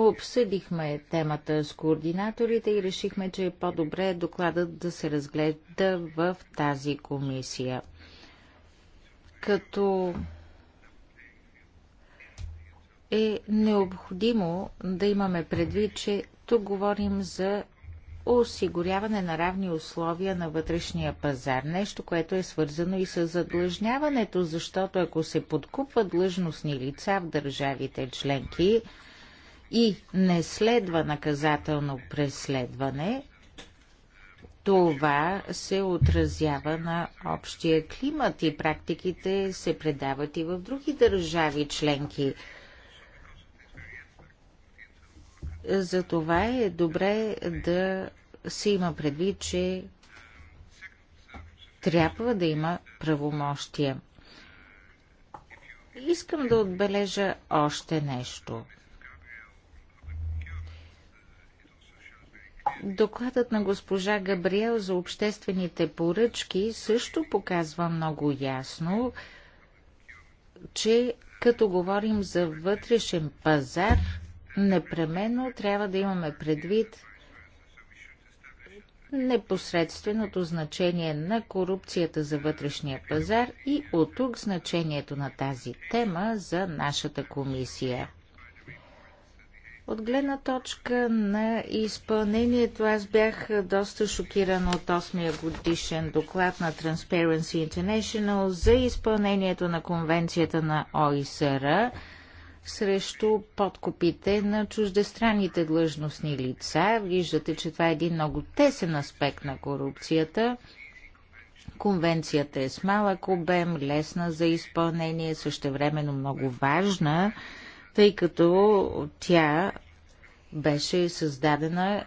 Обсъдихме темата с координаторите и решихме, че е по-добре докладът да се разгледа в тази комисия. Като е необходимо да имаме предвид, че тук говорим за осигуряване на равни условия на вътрешния пазар. Нещо, което е свързано и с задлъжняването, защото ако се подкупват длъжностни лица в държавите членки, и не следва наказателно преследване, това се отразява на общия климат и практиките се предават и в други държави членки. Затова е добре да се има предвид, че трябва да има правомощия. Искам да отбележа още нещо – Докладът на госпожа Габриел за обществените поръчки също показва много ясно, че като говорим за вътрешен пазар, непременно трябва да имаме предвид непосредственото значение на корупцията за вътрешния пазар и от тук значението на тази тема за нашата комисия. От гледна точка на изпълнението, аз бях доста шокиран от 8-я годишен доклад на Transparency International за изпълнението на конвенцията на ОИСР срещу подкопите на чуждестранните длъжностни лица. Виждате, че това е един много тесен аспект на корупцията. Конвенцията е с малък обем, лесна за изпълнение, същевременно много важна тъй като тя беше създадена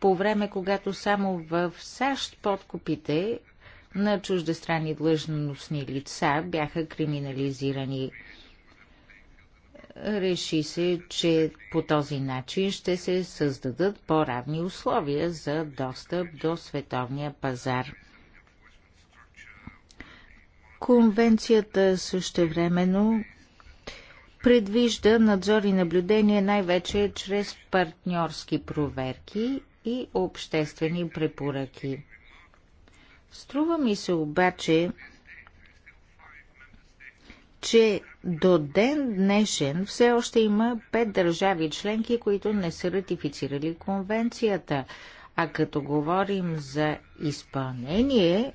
по време, когато само в САЩ подкупите на чуждестранни длъжностни лица бяха криминализирани. Реши се, че по този начин ще се създадат по-равни условия за достъп до световния пазар. Конвенцията също времено предвижда надзор и наблюдение най-вече чрез партньорски проверки и обществени препоръки. Струва ми се обаче, че до ден днешен все още има пет държави членки, които не са ратифицирали конвенцията. А като говорим за изпълнение,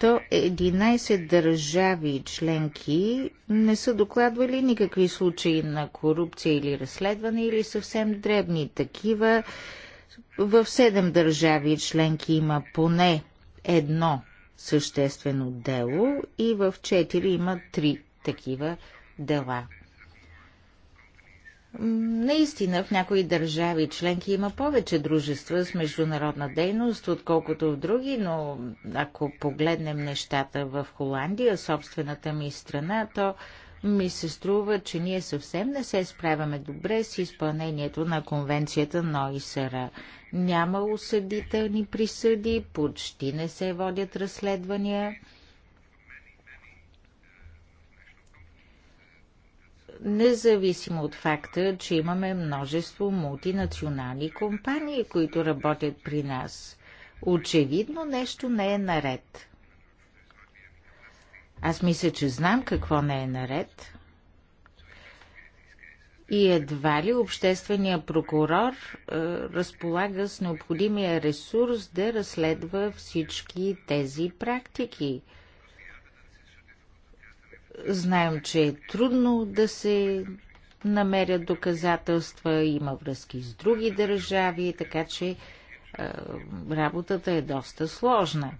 то 11 държави членки не са докладвали никакви случаи на корупция или разследване или съвсем дребни такива. В 7 държави членки има поне едно съществено дело и в 4 има 3 такива дела. Наистина в някои държави членки има повече дружества с международна дейност, отколкото в други, но ако погледнем нещата в Холандия, собствената ми страна, то ми се струва, че ние съвсем не се справяме добре с изпълнението на конвенцията Нойсера. Няма осъдителни присъди, почти не се водят разследвания. независимо от факта, че имаме множество мултинационални компании, които работят при нас. Очевидно нещо не е наред. Аз мисля, че знам какво не е наред. И едва ли обществения прокурор е, разполага с необходимия ресурс да разследва всички тези практики. Знаем, че е трудно да се намерят доказателства, има връзки с други държави, така че е, работата е доста сложна.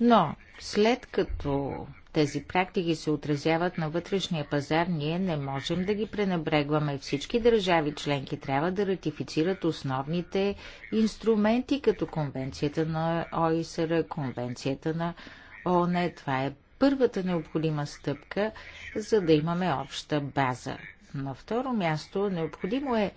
Но след като тези практики се отразяват на вътрешния пазар, ние не можем да ги пренебрегваме. Всички държави членки трябва да ратифицират основните инструменти, като Конвенцията на ОИСР, Конвенцията на не, Това е първата необходима стъпка, за да имаме обща база. На второ място, необходимо е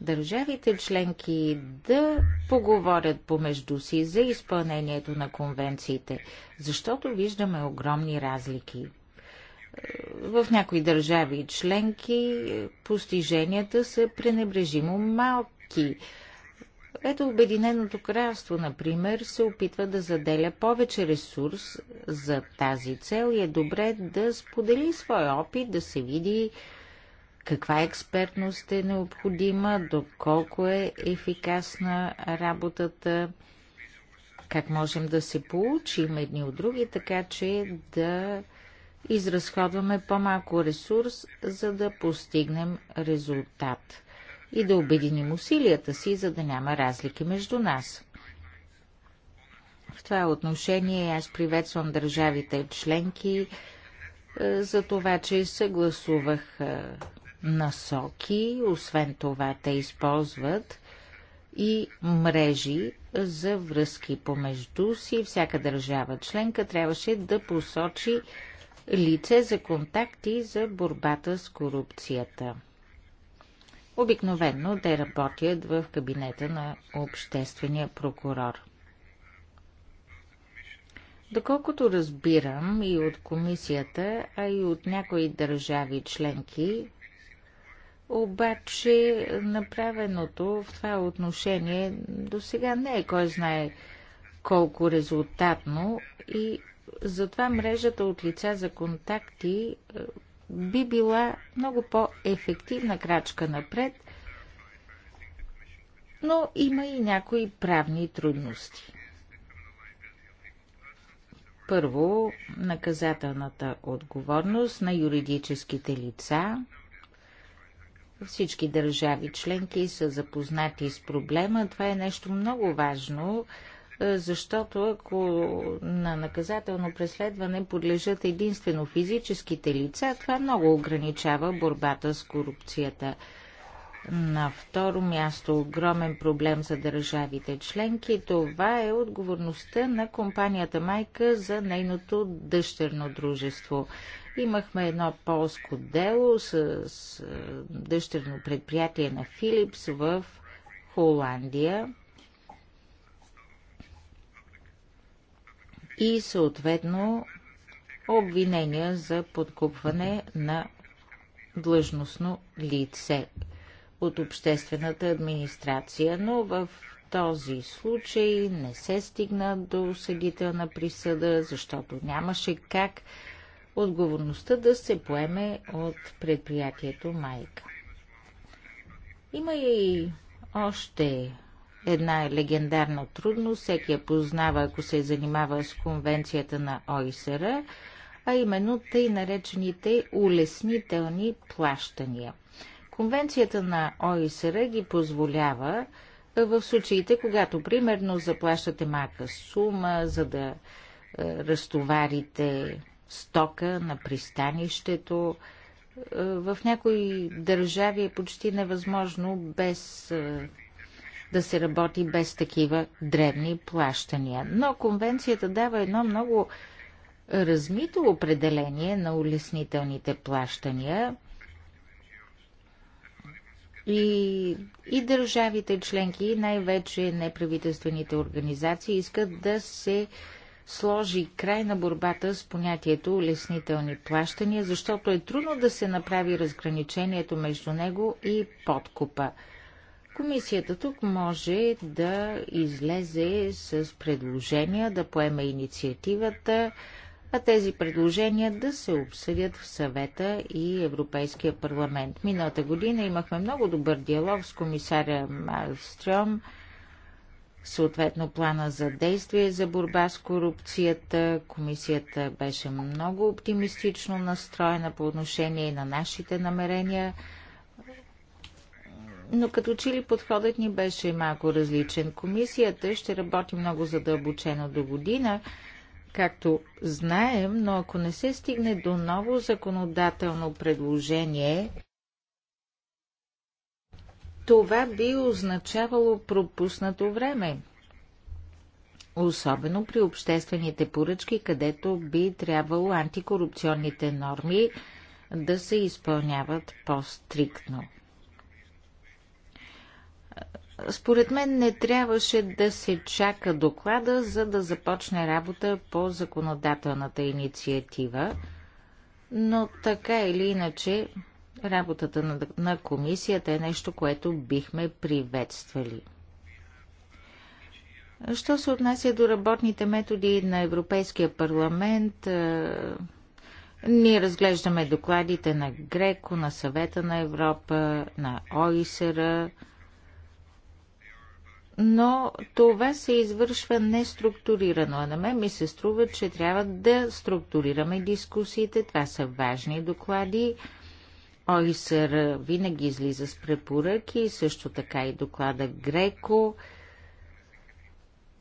държавите членки да поговорят помежду си за изпълнението на конвенциите, защото виждаме огромни разлики. В някои държави членки постиженията са пренебрежимо малки. Ето Обединеното кралство, например, се опитва да заделя повече ресурс за тази цел и е добре да сподели своя опит, да се види каква експертност е необходима, доколко е ефикасна работата, как можем да се получим едни от други, така че да изразходваме по-малко ресурс, за да постигнем резултат и да обединим усилията си, за да няма разлики между нас. В това отношение аз приветствам държавите членки е, за това, че съгласувах е, насоки, освен това те използват и мрежи за връзки помежду си. Всяка държава членка трябваше да посочи лице за контакти за борбата с корупцията. Обикновенно те работят в кабинета на обществения прокурор. Доколкото разбирам и от комисията, а и от някои държави членки, обаче направеното в това отношение до сега не е кой знае колко резултатно и затова мрежата от лица за контакти би била много по-ефективна крачка напред, но има и някои правни трудности. Първо, наказателната отговорност на юридическите лица. Всички държави членки са запознати с проблема. Това е нещо много важно, е, защото ако на наказателно преследване подлежат единствено физическите лица, това много ограничава борбата с корупцията. На второ място огромен проблем за държавите членки това е отговорността на компанията майка за нейното дъщерно дружество. Имахме едно полско дело с, с дъщерно предприятие на Филипс в Холандия. и съответно обвинения за подкупване на длъжностно лице от обществената администрация, но в този случай не се стигна до осъдителна присъда, защото нямаше как отговорността да се поеме от предприятието майка. Има и още Една е трудност, всеки я познава, ако се занимава с конвенцията на ОИСР, а именно тъй наречените улеснителни плащания. Конвенцията на ОИСР ги позволява в случаите, когато примерно заплащате мака сума, за да е, разтоварите стока на пристанището, е, в някои държави е почти невъзможно без е, да се работи без такива древни плащания. Но конвенцията дава едно много размито определение на улеснителните плащания и, и държавите членки, и най-вече неправителствените организации искат да се сложи край на борбата с понятието улеснителни плащания, защото е трудно да се направи разграничението между него и подкупа. Комисията тук може да излезе с предложения, да поеме инициативата, а тези предложения да се обсъдят в съвета и Европейския парламент. Миналата година имахме много добър диалог с комисаря Малстрём, съответно плана за действие за борба с корупцията. Комисията беше много оптимистично настроена по отношение на нашите намерения – но като че ли подходът ни беше малко различен. Комисията ще работи много задълбочено до година, както знаем, но ако не се стигне до ново законодателно предложение, това би означавало пропуснато време. Особено при обществените поръчки, където би трябвало антикорупционните норми да се изпълняват по-стриктно. Според мен не трябваше да се чака доклада, за да започне работа по законодателната инициатива, но така или иначе работата на, на комисията е нещо, което бихме приветствали. Що се отнася до работните методи на Европейския парламент, е, ние разглеждаме докладите на Греко, на Съвета на Европа, на ОИСР, но това се извършва неструктурирано. А на мен ми се струва, че трябва да структурираме дискусиите. Това са важни доклади. ОИСР винаги излиза с препоръки, също така и доклада Греко.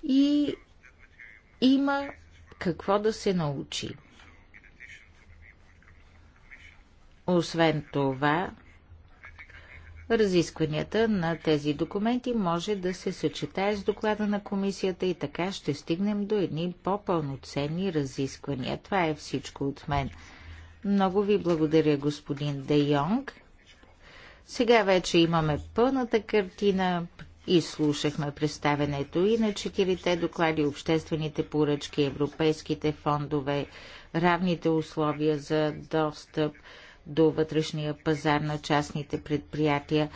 И има какво да се научи. Освен това, Разискванията на тези документи може да се съчетае с доклада на комисията и така ще стигнем до едни по-пълноценни разисквания. Това е всичко от мен. Много ви благодаря, господин Де Йонг. Сега вече имаме пълната картина и слушахме представенето и на четирите доклади обществените поръчки, европейските фондове, равните условия за достъп – до вътрешния пазар на частните предприятия.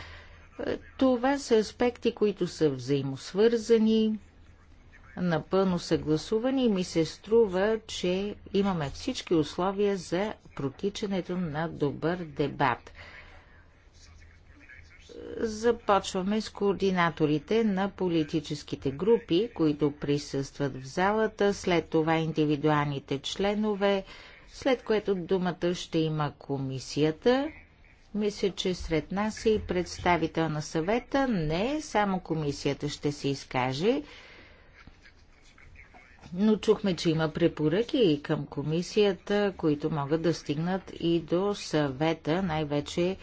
Е, това са аспекти, които са взаимосвързани, напълно съгласувани и ми се струва, че имаме всички условия за протичането на добър дебат. Започваме с координаторите на политическите групи, които присъстват в залата, след това индивидуалните членове, след което думата ще има комисията. Мисля, че сред нас е и представител на съвета. Не, само комисията ще се изкаже. Но чухме, че има препоръки и към комисията, които могат да стигнат и до съвета, най-вече е,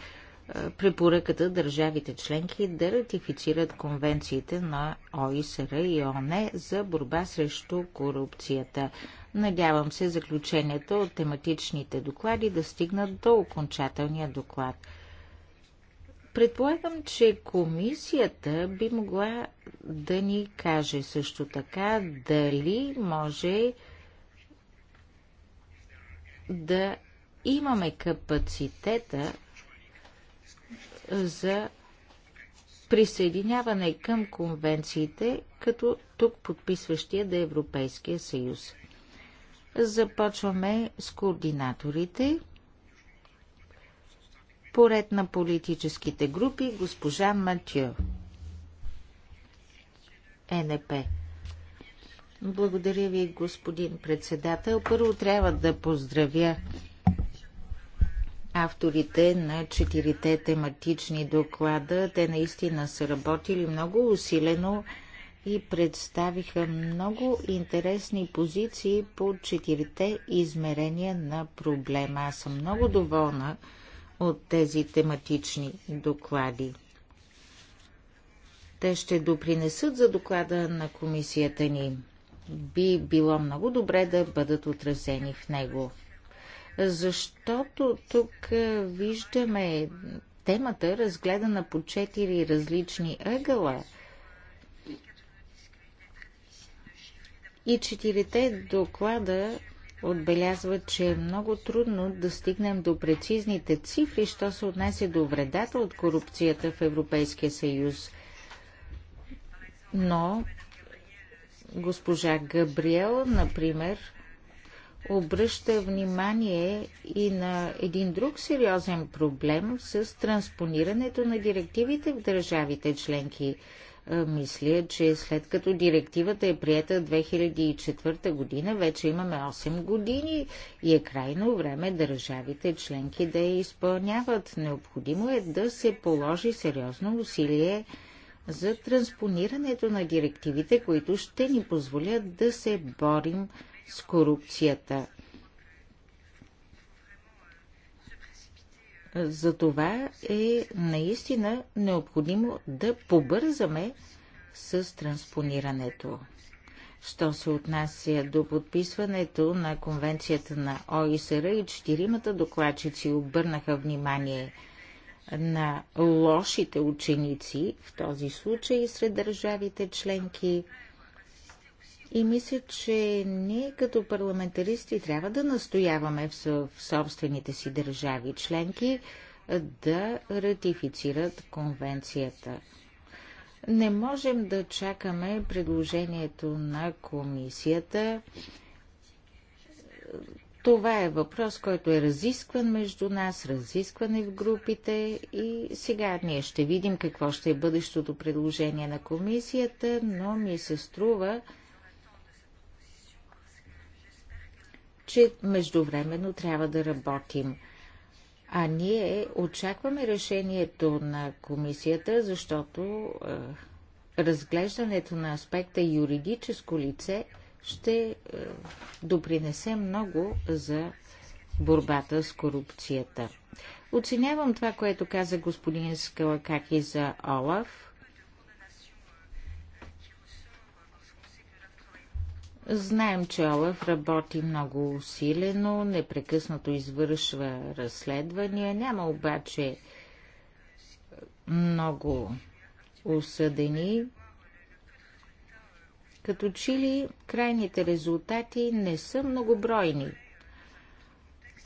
препоръката държавите членки да ратифицират конвенциите на ОИСР и ОНЕ за борба срещу корупцията. Надявам се заключенията от тематичните доклади да стигнат до окончателния доклад. Предполагам, че комисията би могла да ни каже също така дали може да имаме капацитета за присъединяване към конвенциите, като тук подписващия да е Европейския съюз. Започваме с координаторите. Поред на политическите групи, госпожа Матю. Е НП. Благодаря ви, господин председател. Първо трябва да поздравя авторите на четирите тематични доклада. Те наистина са работили много усилено и представиха много интересни позиции по четирите измерения на проблема. Аз съм много доволна от тези тематични доклади. Те ще допринесат за доклада на комисията ни. Би било много добре да бъдат отразени в него. Защото тук виждаме темата разгледана по четири различни ъгъла – И четирите доклада отбелязват, че е много трудно да стигнем до прецизните цифри, що се отнесе до вредата от корупцията в Европейския съюз. Но госпожа Габриел, например, обръща внимание и на един друг сериозен проблем с транспонирането на директивите в държавите членки. Е, мисля, че след като директивата е прията 2004 година, вече имаме 8 години и е крайно време държавите членки да я изпълняват. Необходимо е да се положи сериозно усилие за транспонирането на директивите, които ще ни позволят да се борим с корупцията. Затова е наистина необходимо да побързаме с транспонирането. Що се отнася до подписването на конвенцията на ОИСР и четиримата докладчици обърнаха внимание на лошите ученици в този случай сред държавите членки – и мисля, че ние като парламентаристи трябва да настояваме в собствените си държави членки да ратифицират конвенцията. Не можем да чакаме предложението на комисията. Това е въпрос, който е разискван между нас, разискван е в групите и сега ние ще видим какво ще е бъдещото предложение на комисията, но ми се струва, че междувременно трябва да работим. А ние очакваме решението на комисията, защото е, разглеждането на аспекта юридическо лице ще е, допринесе много за борбата с корупцията. Оценявам това, което каза господин Скалакаки за Олаф. Знаем, че Олаф работи много усилено, непрекъснато извършва разследвания, няма обаче много осъдени. Като че ли крайните резултати не са многобройни –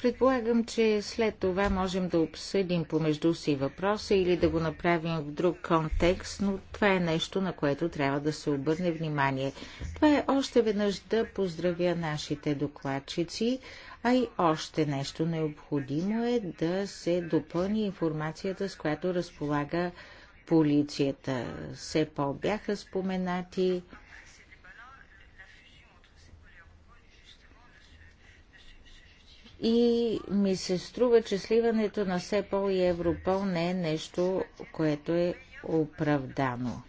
Предполагам, че след това можем да обсъдим помежду си въпроса или да го направим в друг контекст, но това е нещо, на което трябва да се обърне внимание. Това е още веднъж да поздравя нашите докладчици, а и още нещо необходимо е да се допълни информацията, с която разполага полицията. Все по бяха споменати и ми се струва, че сливането на СЕПОЛ и Европол не е нещо, което е оправдано.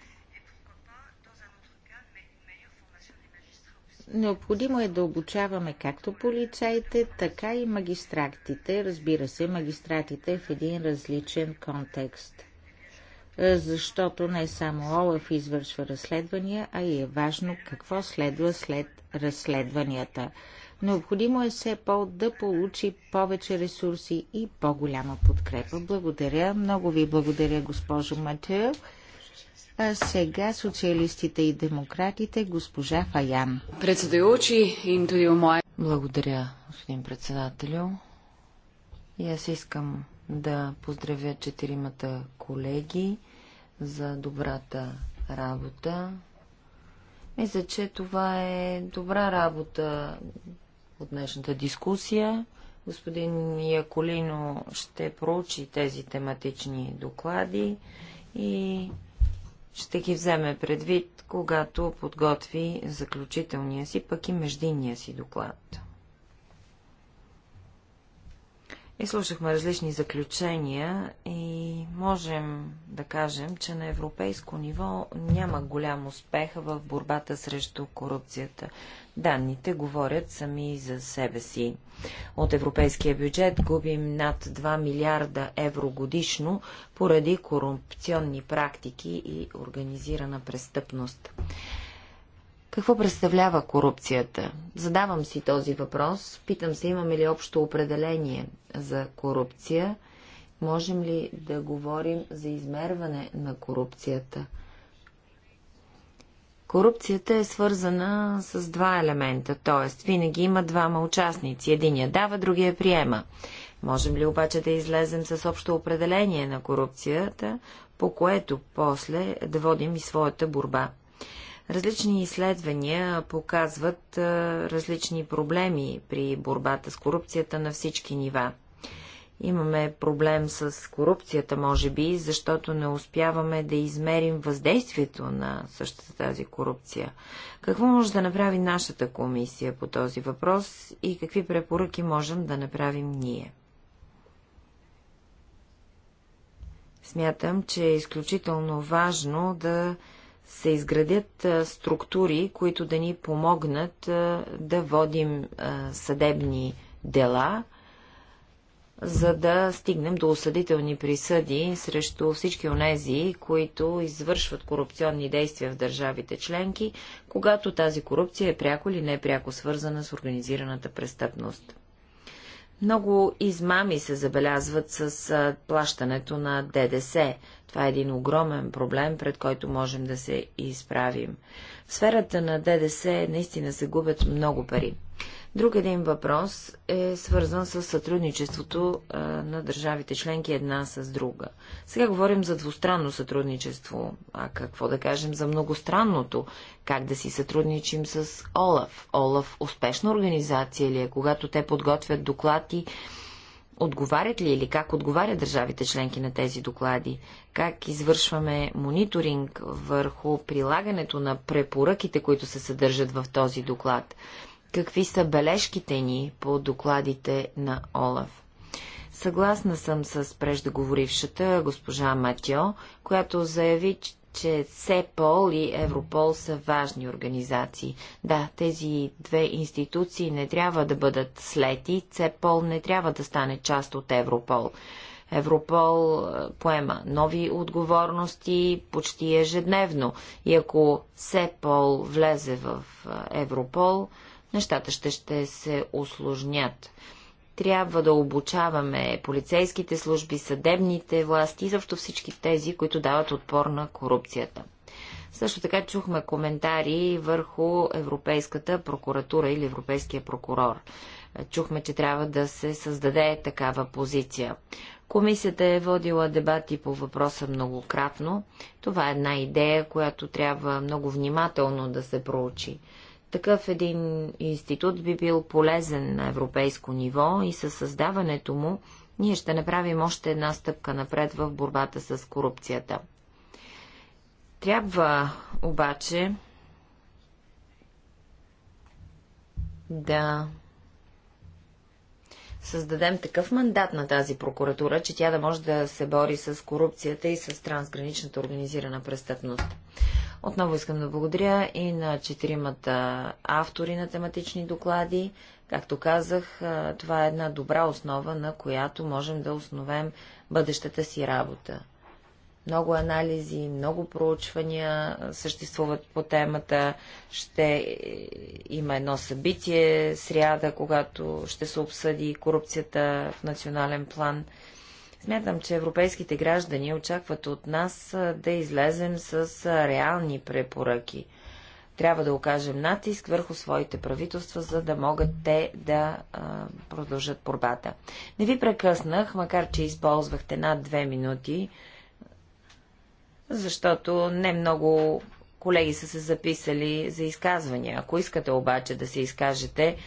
Необходимо е да обучаваме както полицаите, така и магистратите. Разбира се, магистратите е в един различен контекст. Е, защото не само Олаф извършва разследвания, а и е важно какво следва след разследванията. Необходимо е СЕПОЛ да получи повече ресурси и по-голяма подкрепа. Благодаря. Много ви благодаря, госпожо Матео. А сега социалистите и демократите, госпожа Фаян. Председаючи, интуио мое. Благодаря, господин председателю. И аз искам да поздравя четиримата колеги за добрата работа. Мисля, че това е добра работа от днешната дискусия. Господин Яколино ще проучи тези тематични доклади и ще ги вземе предвид, когато подготви заключителния си, пък и междинния си доклад. слушахме различни заключения и можем да кажем, че на европейско ниво няма голям успех в борбата срещу корупцията. Данните говорят сами за себе си. От европейския бюджет губим над 2 милиарда евро годишно поради корупционни практики и организирана престъпност. Какво представлява корупцията? Задавам си този въпрос. Питам се, имаме ли общо определение за корупция? Можем ли да говорим за измерване на корупцията? Корупцията е свързана с два елемента, т.е. винаги има двама участници. Единия дава, другия приема. Можем ли обаче да излезем с общо определение на корупцията, по което после да водим и своята борба? Различни изследвания показват различни проблеми при борбата с корупцията на всички нива. Имаме проблем с корупцията, може би, защото не успяваме да измерим въздействието на същата тази корупция. Какво може да направи нашата комисия по този въпрос и какви препоръки можем да направим ние? Смятам, че е изключително важно да се изградят структури, които да ни помогнат да водим съдебни дела – за да стигнем до осъдителни присъди срещу всички онези, които извършват корупционни действия в държавите членки, когато тази корупция е пряко или непряко свързана с организираната престъпност. Много измами се забелязват с плащането на ДДС. Това е един огромен проблем, пред който можем да се изправим. В сферата на ДДС наистина се губят много пари. Друг един въпрос е свързан с сътрудничеството на държавите членки една с друга. Сега говорим за двустранно сътрудничество, а какво да кажем за многостранното? Как да си сътрудничим с ОЛАФ? ОЛАФ успешна организация ли е, когато те подготвят доклади? Отговарят ли или как отговарят държавите членки на тези доклади? Как извършваме мониторинг върху прилагането на препоръките, които се съдържат в този доклад? какви са бележките ни по докладите на Олаф. Съгласна съм с преждеговорившата госпожа Матьо, която заяви, че СЕПОЛ и Европол са важни организации. Да, тези две институции не трябва да бъдат слети, СЕПОЛ не трябва да стане част от Европол. Европол е, поема нови отговорности почти ежедневно и ако СЕПОЛ влезе в е, Европол, нещата ще, ще се осложнят. Трябва да обучаваме полицейските служби, съдебните власти и защо всички тези, които дават отпор на корупцията. Също така чухме коментари върху Европейската прокуратура или Европейския прокурор. Чухме, че трябва да се създаде такава позиция. Комисията е водила дебати по въпроса многократно. Това е една идея, която трябва много внимателно да се проучи. Такъв един институт би бил полезен на европейско ниво и със създаването му ние ще направим още една стъпка напред в борбата с корупцията. Трябва обаче да създадем такъв мандат на тази прокуратура, че тя да може да се бори с корупцията и с трансграничната организирана престъпност. Отново искам да благодаря и на четиримата автори на тематични доклади. Както казах, това е една добра основа, на която можем да основем бъдещата си работа. Много анализи, много проучвания съществуват по темата. Ще е, има едно събитие сряда, когато ще се обсъди корупцията в национален план. Смятам, че европейските граждани очакват от нас да излезем с реални препоръки. Трябва да окажем натиск върху своите правителства, за да могат те да а, продължат борбата. Не ви прекъснах, макар че използвахте над две минути защото не много колеги са се записали за изказвания. Ако искате обаче да се изкажете,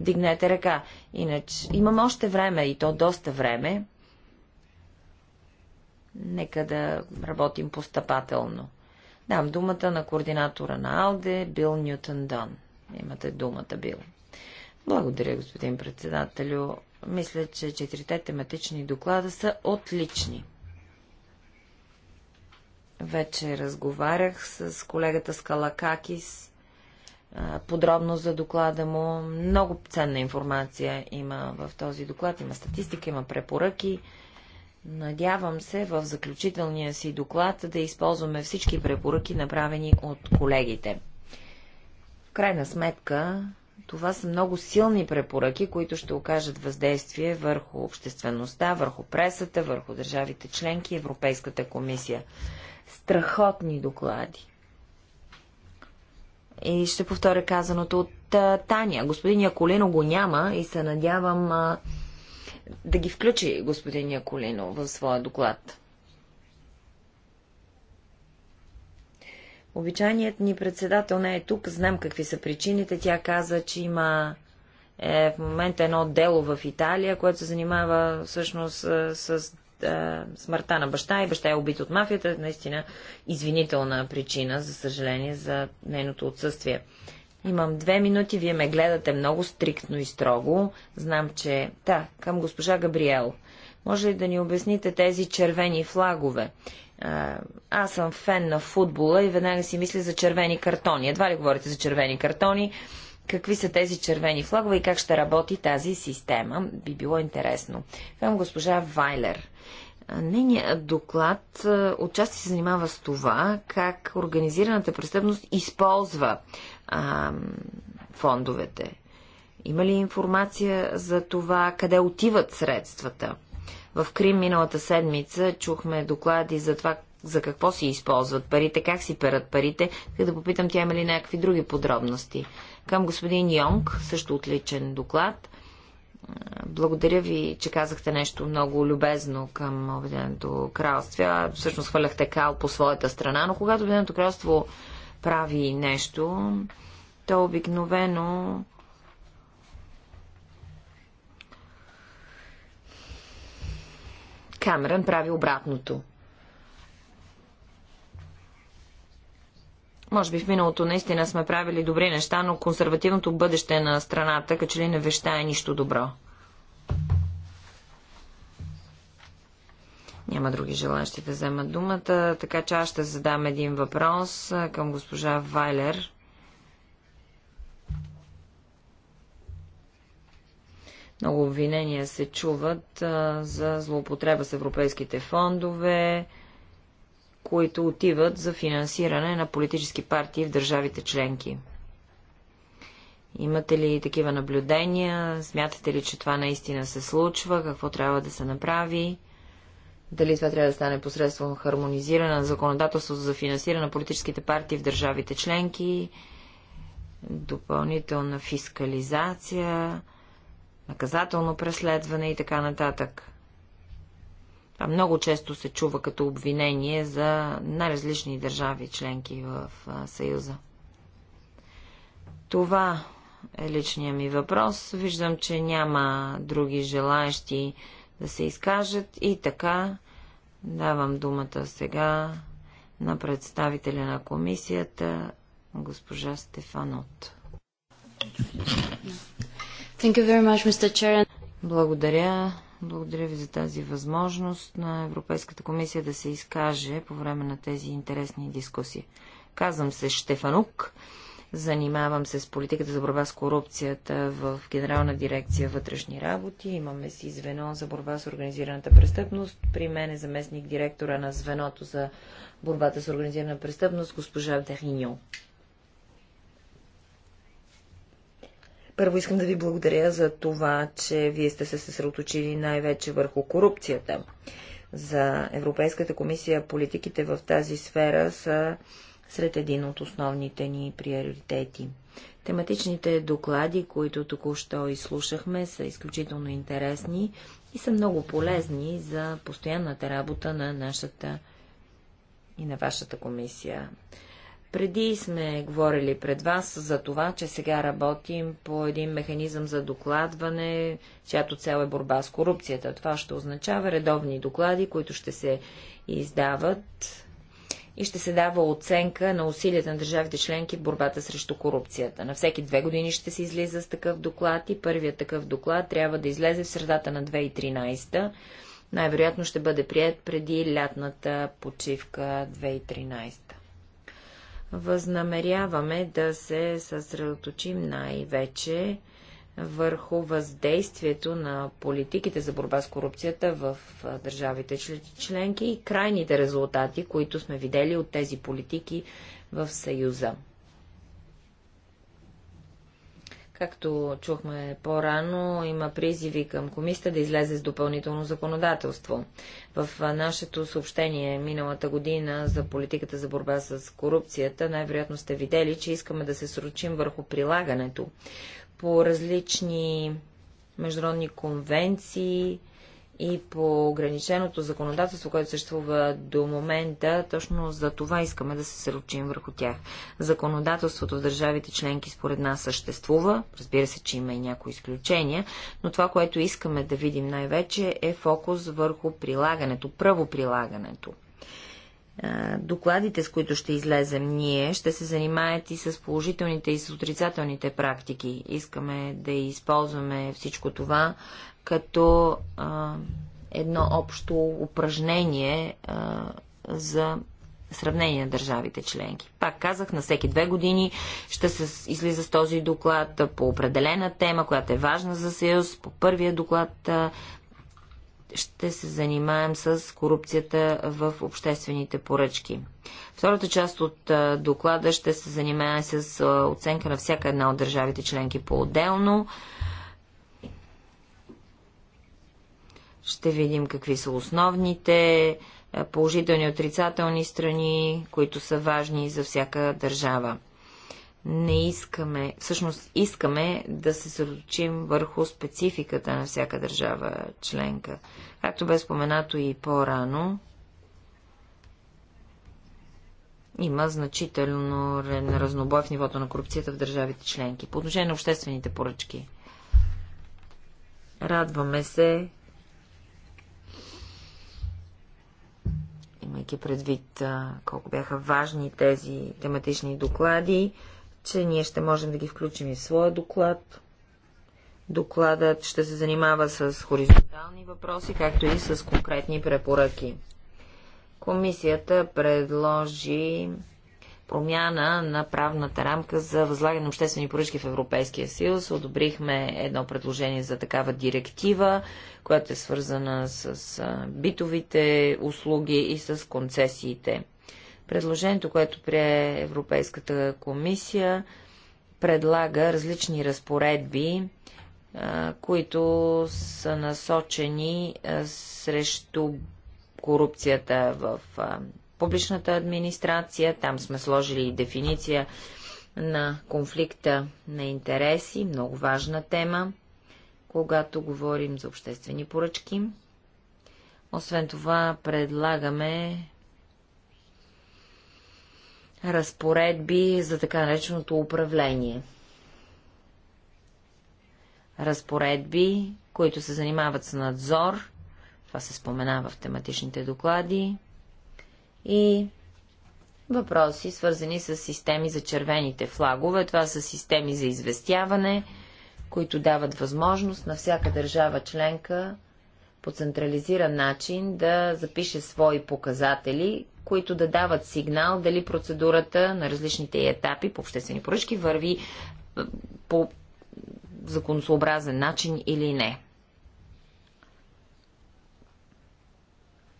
дигнете ръка. Иначе имам още време и то доста време. Нека да работим постъпателно. Дам думата на координатора на Алде, Бил Ньютон Дон. Имате думата, Бил. Благодаря, господин председателю. Мисля, че четирите тематични доклада са отлични. Вече разговарях с колегата Скалакакис подробно за доклада му. Много ценна информация има в този доклад. Има статистика, има препоръки. Надявам се в заключителния си доклад да използваме всички препоръки, направени от колегите. В крайна сметка, това са много силни препоръки, които ще окажат въздействие върху обществеността, върху пресата, върху държавите членки Европейската комисия страхотни доклади. И ще повторя казаното от а, Таня. Господин Яколино го няма и се надявам а, да ги включи господин Яколино в своя доклад. Обичайният ни председател не е тук. Знам какви са причините. Тя каза, че има е, в момента едно дело в Италия, което се занимава всъщност с, с смъртта на баща и баща е убит от мафията, е наистина извинителна причина, за съжаление, за нейното отсъствие. Имам две минути, вие ме гледате много стриктно и строго. Знам, че... Да, към госпожа Габриел. Може ли да ни обясните тези червени флагове? аз съм фен на футбола и веднага си мисля за червени картони. Едва ли говорите за червени картони? Какви са тези червени флагове и как ще работи тази система? Би било интересно. Към госпожа Вайлер. Нейният доклад отчасти се занимава с това, как организираната престъпност използва а, фондовете. Има ли информация за това, къде отиват средствата? В Крим миналата седмица чухме доклади за това, за какво си използват парите, как си перат парите. Така да попитам, тя има ли някакви други подробности. Към господин Йонг, също отличен доклад, благодаря ви, че казахте нещо много любезно към Обединеното кралство. А, всъщност хвърляхте кал по своята страна, но когато Обединеното кралство прави нещо, то обикновено Камерън прави обратното. Може би в миналото наистина сме правили добри неща, но консервативното бъдеще на страната като че ли не вещае нищо добро. Няма други желащи да вземат думата, така че аз ще задам един въпрос към госпожа Вайлер. Много обвинения се чуват а, за злоупотреба с европейските фондове, които отиват за финансиране на политически партии в държавите членки. Имате ли такива наблюдения? Смятате ли, че това наистина се случва? Какво трябва да се направи? Дали това трябва да стане посредством хармонизиране на законодателството за финансиране на политическите партии в държавите членки? Допълнителна фискализация? Наказателно преследване и така нататък? Това много често се чува като обвинение за най-различни държави членки в Съюза. Това е личният ми въпрос. Виждам, че няма други желаящи да се изкажат и така давам думата сега на представителя на комисията, госпожа Стефанот. Благодаря, благодаря ви за тази възможност на Европейската комисия да се изкаже по време на тези интересни дискусии. Казвам се Штефанук, занимавам се с политиката за борба с корупцията в Генерална дирекция вътрешни работи. Имаме си звено за борба с организираната престъпност. При мен е заместник директора на звеното за борбата с организирана престъпност, госпожа Дехиньо. Първо искам да ви благодаря за това, че вие сте се съсредоточили най-вече върху корупцията. За Европейската комисия политиките в тази сфера са сред един от основните ни приоритети. Тематичните доклади, които току-що изслушахме, са изключително интересни и са много полезни за постоянната работа на нашата и на вашата комисия. Преди сме говорили пред вас за това, че сега работим по един механизъм за докладване, чиято цел е борба с корупцията. Това ще означава редовни доклади, които ще се издават и ще се дава оценка на усилията на държавите членки в борбата срещу корупцията. На всеки две години ще се излиза с такъв доклад и първият такъв доклад трябва да излезе в средата на 2013. Най-вероятно ще бъде прият преди лятната почивка 2013 възнамеряваме да се съсредоточим най-вече върху въздействието на политиките за борба с корупцията в държавите членки и крайните резултати, които сме видели от тези политики в Съюза. Както чухме по-рано, има призиви към комисията да излезе с допълнително законодателство. В нашето съобщение миналата година за политиката за борба с корупцията най-вероятно сте видели, че искаме да се срочим върху прилагането по различни международни конвенции, и по ограниченото законодателство, което съществува до момента, точно за това искаме да се съручим върху тях. Законодателството в държавите членки според нас съществува, разбира се, че има и някои изключения, но това, което искаме да видим най-вече е фокус върху прилагането, правоприлагането. Докладите, с които ще излезем ние, ще се занимаят и с положителните и с отрицателните практики. Искаме да използваме всичко това като а, едно общо упражнение а, за сравнение на държавите членки. Пак казах, на всеки две години ще се излиза с този доклад по определена тема, която е важна за Съюз. По първия доклад ще се занимаем с корупцията в обществените поръчки. Втората част от доклада ще се занимаем с оценка на всяка една от държавите членки по-отделно. Ще видим какви са основните е, положителни и отрицателни страни, които са важни за всяка държава. Не искаме, всъщност искаме да се съсредоточим върху спецификата на всяка държава членка. Както бе споменато и по-рано, има значително разнобой в нивото на корупцията в държавите членки. По отношение на обществените поръчки. Радваме се, имайки предвид колко бяха важни тези тематични доклади, че ние ще можем да ги включим и в своя доклад. Докладът ще се занимава с хоризонтални въпроси, както и с конкретни препоръки. Комисията предложи промяна на правната рамка за възлагане на обществени поръчки в Европейския съюз. Одобрихме едно предложение за такава директива, която е свързана с битовите услуги и с концесиите. Предложението, което прие Европейската комисия, предлага различни разпоредби, които са насочени срещу корупцията в публичната администрация. Там сме сложили и дефиниция на конфликта на интереси, много важна тема, когато говорим за обществени поръчки. Освен това, предлагаме разпоредби за така нареченото управление. Разпоредби, които се занимават с надзор, това се споменава в тематичните доклади, и въпроси, свързани с системи за червените флагове. Това са системи за известяване, които дават възможност на всяка държава членка по централизиран начин да запише свои показатели, които да дават сигнал дали процедурата на различните етапи по обществени поръчки върви по законосообразен начин или не.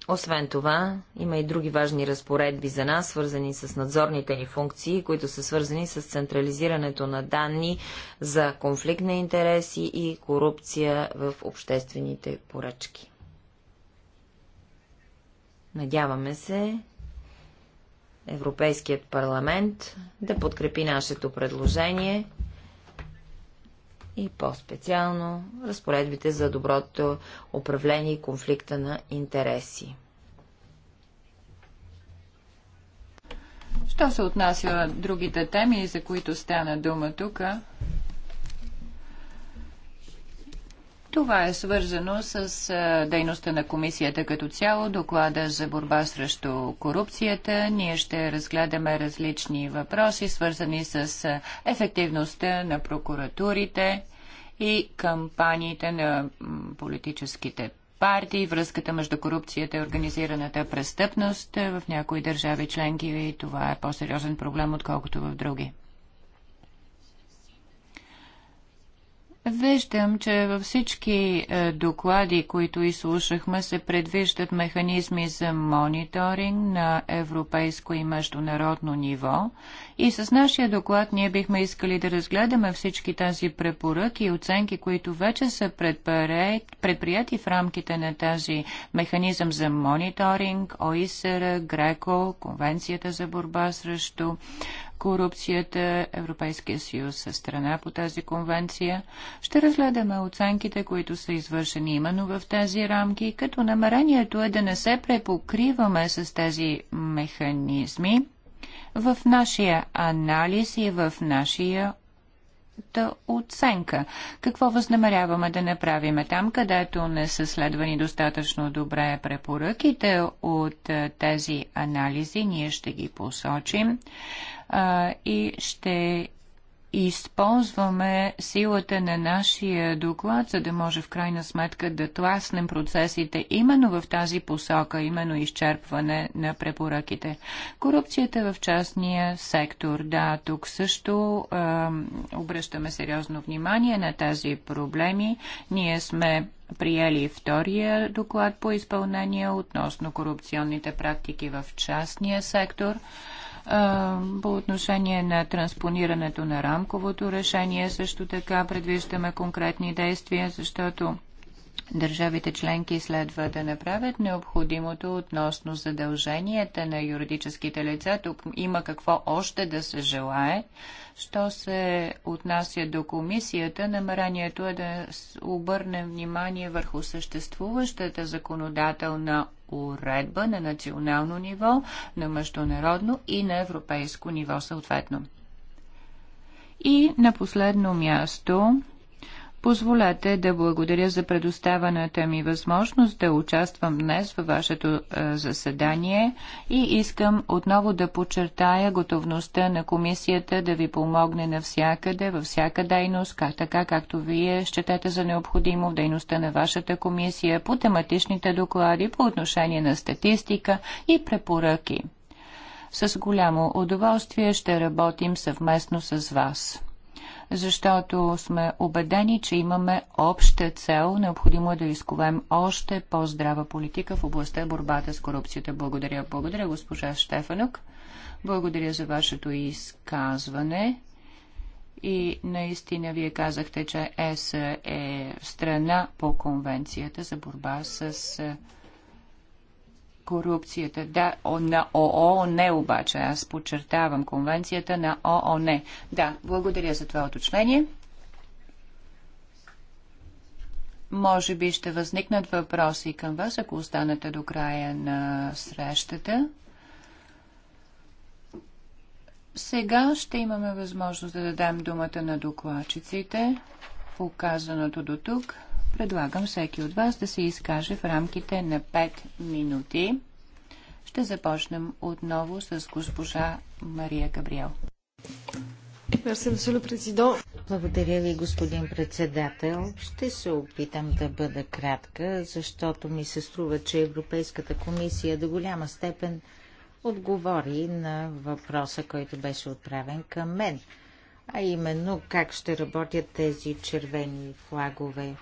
Освен това, има и други важни разпоредби за нас, свързани с надзорните ни функции, които са свързани с централизирането на данни за конфликт на интереси и корупция в обществените поръчки. Надяваме се Европейският парламент да подкрепи нашето предложение и по-специално разпоредбите за доброто управление и конфликта на интереси. Що се отнася другите теми, за които стана дума тук, Това е свързано с дейността на комисията като цяло, доклада за борба срещу корупцията. Ние ще разгледаме различни въпроси, свързани с ефективността на прокуратурите и кампаниите на политическите партии, връзката между корупцията и организираната престъпност в някои държави членки и това е по-сериозен проблем, отколкото в други. Виждам, че във всички е, доклади, които изслушахме, се предвиждат механизми за мониторинг на европейско и международно ниво. И с нашия доклад ние бихме искали да разгледаме всички тази препоръки и оценки, които вече са предприяти в рамките на тази механизъм за мониторинг, ОИСР, ГРЕКО, Конвенцията за борба срещу корупцията. Европейския съюз е страна по тази конвенция. Ще разгледаме оценките, които са извършени именно в тези рамки, като намерението е да не се препокриваме с тези механизми в нашия анализ и в нашия та оценка. Какво възнамеряваме да направим там, където не са следвани достатъчно добре препоръките от тези анализи? Ние ще ги посочим а, и ще използваме силата на нашия доклад, за да може в крайна сметка да тласнем процесите именно в тази посока, именно изчерпване на препоръките. Корупцията в частния сектор. Да, тук също е, обръщаме сериозно внимание на тези проблеми. Ние сме приели втория доклад по изпълнение относно корупционните практики в частния сектор. По отношение на транспонирането на рамковото решение също така предвиждаме конкретни действия, защото Държавите членки следва да направят необходимото относно задълженията на юридическите лица. Тук има какво още да се желае. Що се отнася до комисията, намерението е да обърнем внимание върху съществуващата законодателна уредба на национално ниво, на международно и на европейско ниво съответно. И на последно място Позволете да благодаря за предоставената ми възможност да участвам днес във вашето е, заседание и искам отново да подчертая готовността на комисията да ви помогне навсякъде, във всяка дейност, как, така както вие счетете за необходимо в дейността на вашата комисия по тематичните доклади по отношение на статистика и препоръки. С голямо удоволствие ще работим съвместно с вас защото сме убедени, че имаме обща цел. Необходимо е да изковем още по-здрава политика в областта борбата с корупцията. Благодаря. Благодаря, госпожа Штефанок. Благодаря за вашето изказване. И наистина вие казахте, че ЕС е страна по конвенцията за борба с корупцията. Да, на ООН обаче. Аз подчертавам конвенцията на ООН. Да, благодаря за това уточнение. Може би ще възникнат въпроси към вас, ако останете до края на срещата. Сега ще имаме възможност да дадем думата на докладчиците, показаното до тук. Предлагам всеки от вас да се изкаже в рамките на 5 минути. Ще започнем отново с госпожа Мария Габриел. Благодаря ви, господин председател. Ще се опитам да бъда кратка, защото ми се струва, че Европейската комисия до голяма степен отговори на въпроса, който беше отправен към мен, а именно как ще работят тези червени флагове.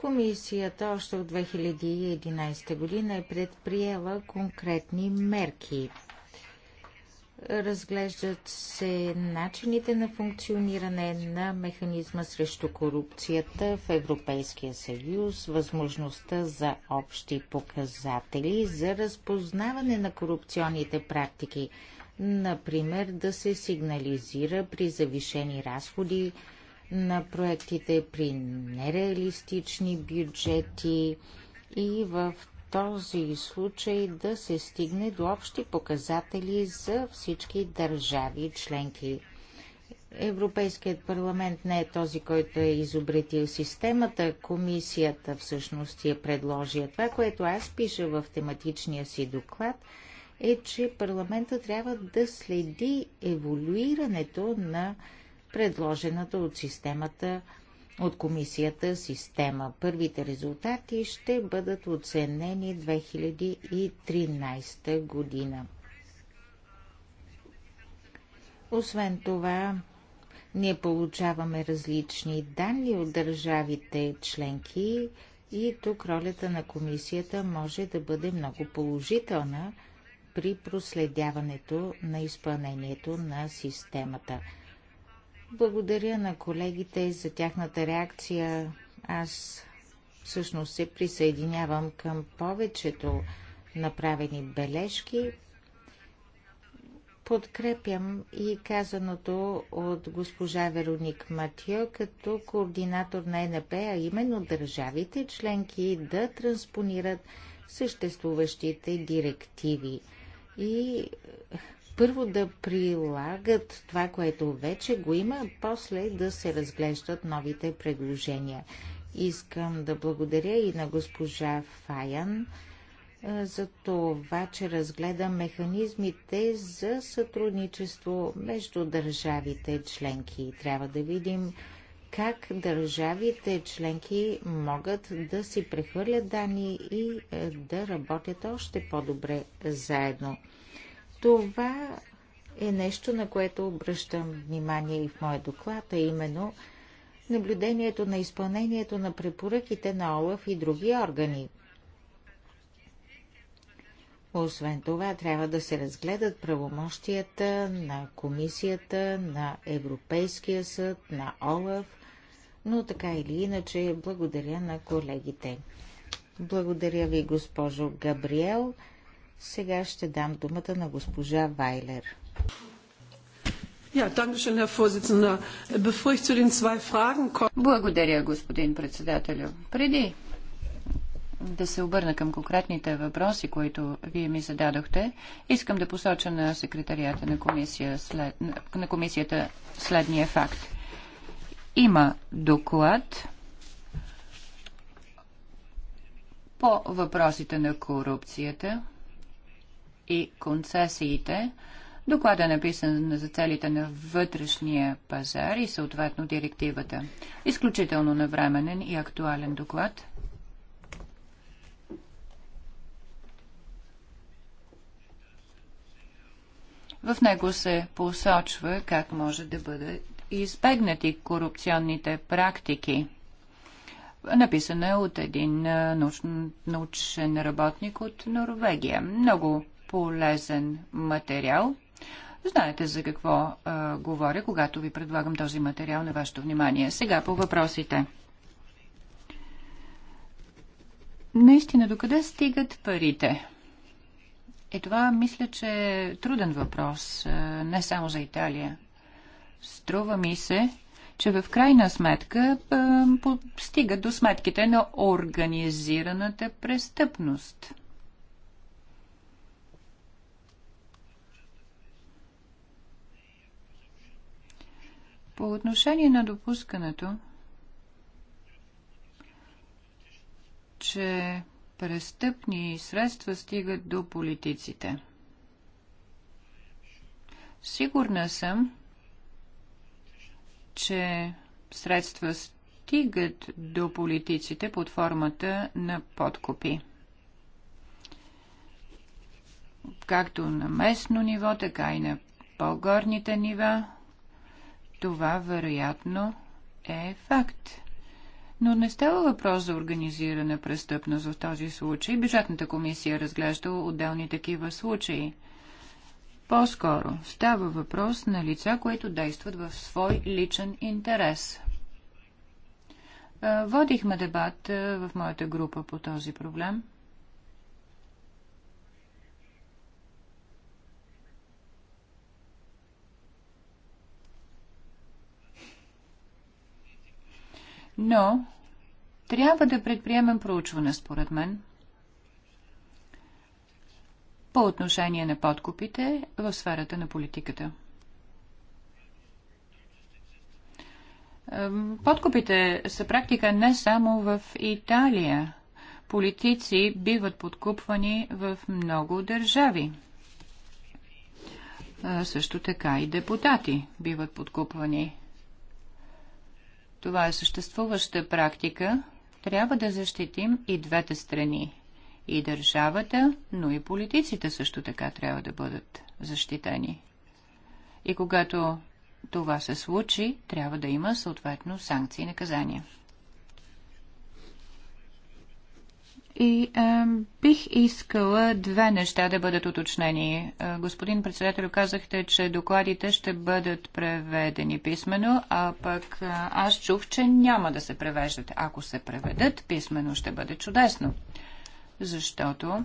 Комисията още от 2011 година е предприела конкретни мерки. Разглеждат се начините на функциониране на механизма срещу корупцията в Европейския съюз, възможността за общи показатели за разпознаване на корупционните практики, например да се сигнализира при завишени разходи, на проектите при нереалистични бюджети и в този случай да се стигне до общи показатели за всички държави членки. Европейският парламент не е този, който е изобретил системата. Комисията всъщност я предложи. Това, което аз пиша в тематичния си доклад, е, че парламента трябва да следи еволюирането на предложената от системата от комисията система. Първите резултати ще бъдат оценени 2013 година. Освен това, ние получаваме различни данни от държавите членки и тук ролята на комисията може да бъде много положителна при проследяването на изпълнението на системата. Благодаря на колегите за тяхната реакция. Аз всъщност се присъединявам към повечето направени бележки. Подкрепям и казаното от госпожа Вероник Матио като координатор на НП, а именно държавите членки да транспонират съществуващите директиви. И първо да прилагат това, което вече го има, а после да се разглеждат новите предложения. Искам да благодаря и на госпожа Фаян за това, че разгледа механизмите за сътрудничество между държавите членки. Трябва да видим как държавите членки могат да си прехвърлят данни и е, да работят още по-добре заедно. Това е нещо, на което обръщам внимание и в моя доклад, а именно наблюдението на изпълнението на препоръките на ОЛАФ и други органи. Освен това, трябва да се разгледат правомощията на Комисията, на Европейския съд, на ОЛАФ, но така или иначе, благодаря на колегите. Благодаря ви, госпожо Габриел. Сега ще дам думата на госпожа Вайлер. Благодаря, господин председателю. Преди да се обърна към конкретните въпроси, които вие ми зададохте, искам да посоча на секретарията на, комисия след, на комисията следния факт. Има доклад по въпросите на корупцията – и концесиите. Доклада е написан за целите на вътрешния пазар и съответно директивата. Изключително навременен и актуален доклад. В него се посочва как може да бъдат избегнати корупционните практики. Написана е от един научен работник от Норвегия. Много полезен материал. Знаете за какво а, говоря, когато ви предлагам този материал на вашето внимание. Сега по въпросите. Наистина, докъде стигат парите? Е това мисля, че е труден въпрос, не само за Италия. Струва ми се, че в крайна сметка стигат до сметките на организираната престъпност. По отношение на допускането, че престъпни средства стигат до политиците. Сигурна съм, че средства стигат до политиците под формата на подкопи. Както на местно ниво, така и на по-горните нива. Това вероятно е факт. Но не става въпрос за организирана престъпност в този случай. Бюджетната комисия разглежда отделни такива случаи. По-скоро става въпрос на лица, които действат в свой личен интерес. Е, водихме дебат е, в моята група по този проблем – Но трябва да предприемем проучване, според мен, по отношение на подкупите в сферата на политиката. Подкупите са практика не само в Италия. Политици биват подкупвани в много държави. Е, също така и депутати биват подкупвани. Това е съществуваща практика. Трябва да защитим и двете страни. И държавата, но и политиците също така трябва да бъдат защитени. И когато това се случи, трябва да има съответно санкции и наказания. И е, бих искала две неща да бъдат уточнени. Е, господин председател, казахте, че докладите ще бъдат преведени писменно, а пък е, аз чух, че няма да се превеждат. Ако се преведат писменно, ще бъде чудесно. Защото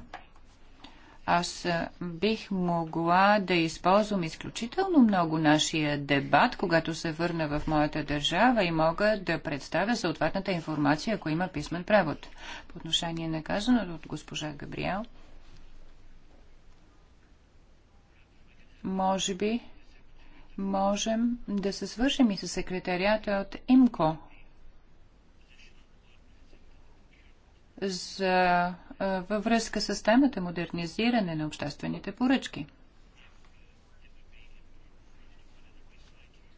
аз бих могла да използвам изключително много нашия дебат, когато се върна в моята държава и мога да представя съответната информация, ако има писмен превод. По отношение на казаното от госпожа Габриел, може би можем да се свържем и с секретарията от ИМКО за, във връзка с темата модернизиране на обществените поръчки.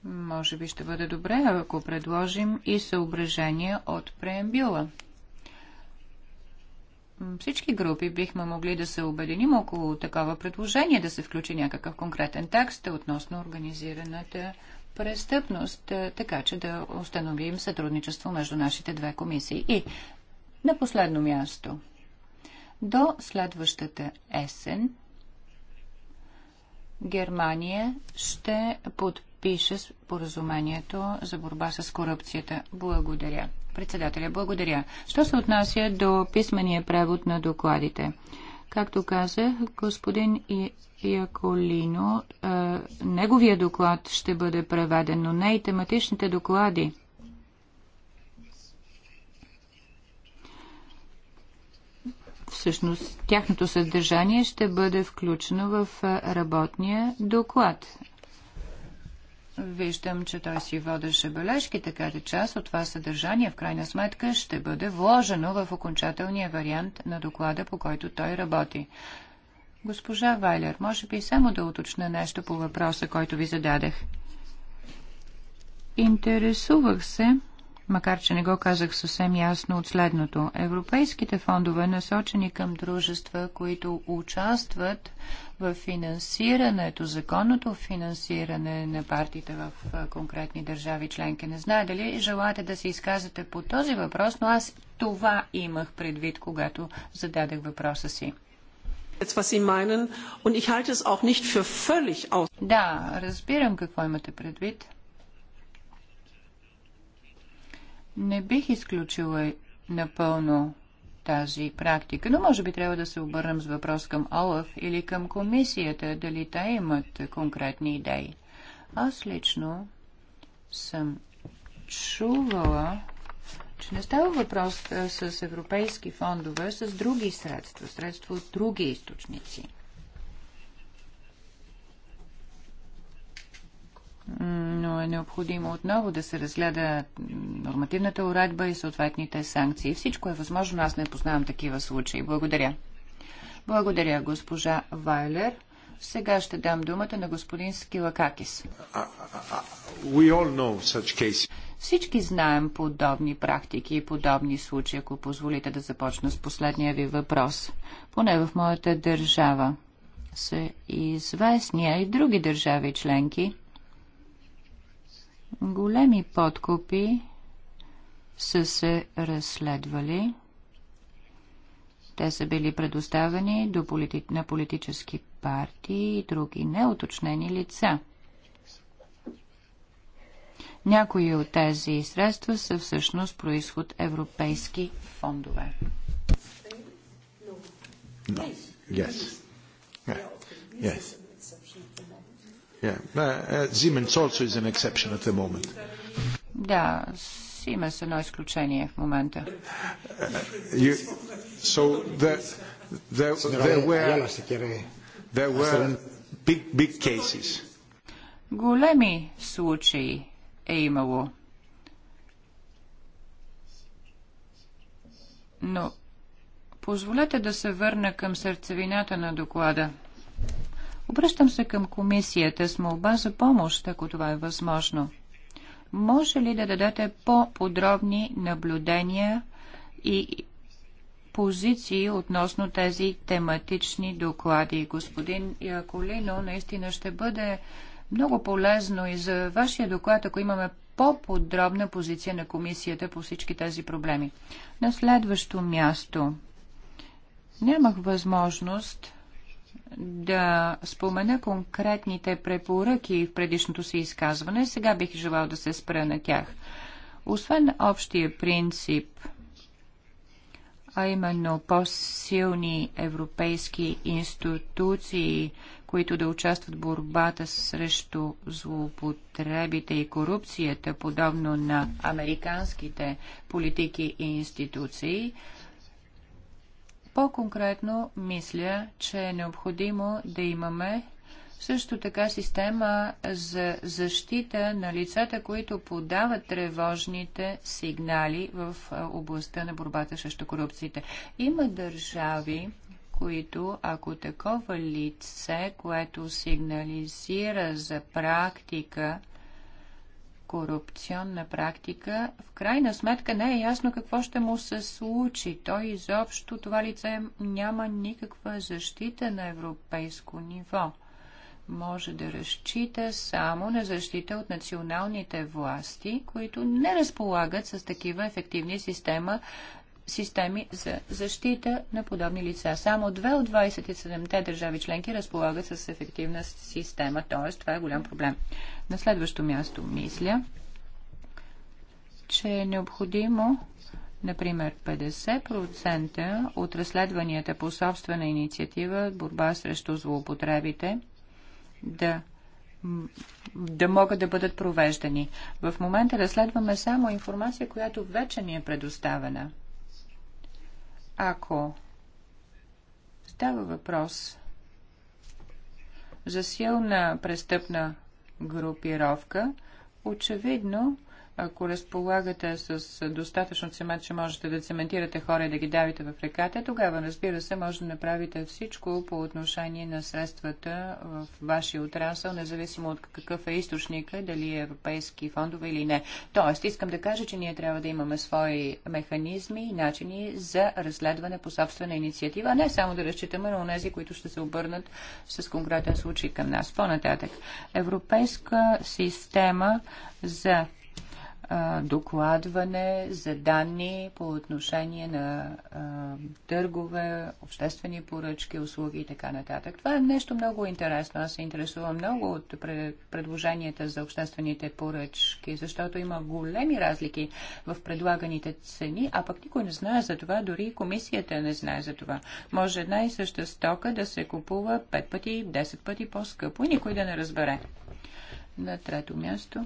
Може би ще бъде добре, ако предложим и съображения от преембюла. Всички групи бихме могли да се обединим около такова предложение, да се включи някакъв конкретен текст относно организираната престъпност, така че да установим сътрудничество между нашите две комисии. И на последно място, до следващата есен Германия ще подпише споразумението за борба с корупцията. Благодаря. Председателя, благодаря. Що се отнася до писмения превод на докладите? Както казах, господин Яколино, е, неговия доклад ще бъде преведен, но не и тематичните доклади. всъщност тяхното съдържание ще бъде включено в работния доклад. Виждам, че той си водеше бележки, така че част от това съдържание в крайна сметка ще бъде вложено в окончателния вариант на доклада, по който той работи. Госпожа Вайлер, може би само да уточня нещо по въпроса, който ви зададех. Интересувах се макар че не го казах съвсем ясно от следното. Европейските фондове, насочени към дружества, които участват в финансирането, законното финансиране на партиите в конкретни държави членки. Не знае дали желаете да се изказате по този въпрос, но аз това имах предвид, когато зададах въпроса си. Да, разбирам какво имате предвид. Не бих изключила напълно тази практика, но може би трябва да се обърнем с въпрос към Олаф или към комисията, дали те имат конкретни идеи. Аз лично съм чувала, че не става въпрос с европейски фондове, с други средства, средства от други източници. но е необходимо отново да се разгледа нормативната уредба и съответните санкции. Всичко е възможно, аз не познавам такива случаи. Благодаря. Благодаря, госпожа Вайлер. Сега ще дам думата на господин Скилакакис. Всички знаем подобни практики и подобни случаи, ако позволите да започна с последния ви въпрос. Поне в моята държава са известни, а и други държави членки – Големи подкупи са се разследвали. Те са били предоставени до полити... на политически партии и други неуточнени лица. Някои от тези средства са всъщност происход европейски фондове. No. Yes. Yeah. Yes. Uh, uh, да, Siemens е едно изключение в момента. Големи случаи е имало. Но позволете да се върна към сърцевината на доклада. Обръщам се към комисията с молба за помощ, ако това е възможно. Може ли да дадете по-подробни наблюдения и позиции относно тези тематични доклади? Господин Яколино, наистина ще бъде много полезно и за вашия доклад, ако имаме по-подробна позиция на комисията по всички тези проблеми. На следващо място. Нямах възможност да спомена конкретните препоръки в предишното си изказване. Сега бих желал да се спра на тях. Освен общия принцип, а именно по-силни европейски институции, които да участват в борбата срещу злоупотребите и корупцията, подобно на американските политики и институции – по-конкретно мисля, че е необходимо да имаме също така система за защита на лицата, които подават тревожните сигнали в областта на борбата срещу корупциите. Има държави, които ако такова лице, което сигнализира за практика корупционна практика, в крайна сметка не е ясно какво ще му се случи. Той изобщо, това лице няма никаква защита на европейско ниво. Може да разчита само на защита от националните власти, които не разполагат с такива ефективни система системи за защита на подобни лица. Само две от 27-те държави членки разполагат с ефективна система, т.е. това е голям проблем. На следващо място мисля, че е необходимо Например, 50% от разследванията по собствена инициатива, борба срещу злоупотребите, да, да могат да бъдат провеждани. В момента разследваме само информация, която вече ни е предоставена. Ако става въпрос за силна престъпна групировка, очевидно ако разполагате с достатъчно цемент, че можете да цементирате хора и да ги давите в реката, тогава, разбира се, може да направите всичко по отношение на средствата в вашия отрасъл, независимо от какъв е източника, дали е европейски фондове или не. Тоест, искам да кажа, че ние трябва да имаме свои механизми и начини за разследване по собствена инициатива, а не само да разчитаме на онези, които ще се обърнат с конкретен случай към нас. По-нататък, европейска система за докладване за данни по отношение на търгове, обществени поръчки, услуги и така нататък. Това е нещо много интересно. Аз се интересувам много от предложенията за обществените поръчки, защото има големи разлики в предлаганите цени, а пък никой не знае за това, дори и комисията не знае за това. Може една и съща стока да се купува 5 пъти, 10 пъти по-скъпо и никой да не разбере. На трето място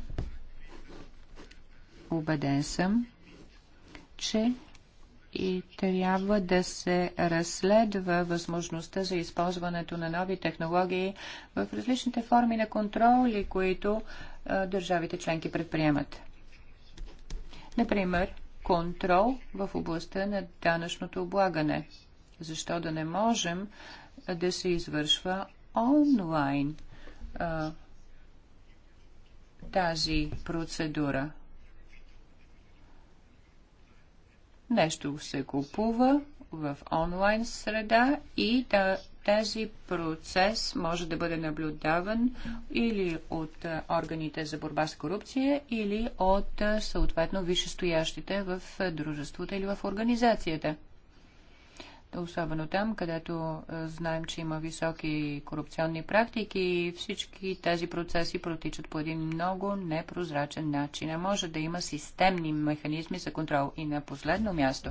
Убеден съм, че и трябва да се разследва възможността за използването на нови технологии в различните форми на контроли, които а, държавите членки предприемат. Например, контрол в областта на данъчното облагане. Защо да не можем да се извършва онлайн а, тази процедура? Нещо се купува в онлайн среда и да, тази процес може да бъде наблюдаван или от органите за борба с корупция, или от съответно висшестоящите в дружеството или в организацията особено там, където е, знаем, че има високи корупционни практики и всички тези процеси протичат по един много непрозрачен начин, а може да има системни механизми за контрол. И на последно място,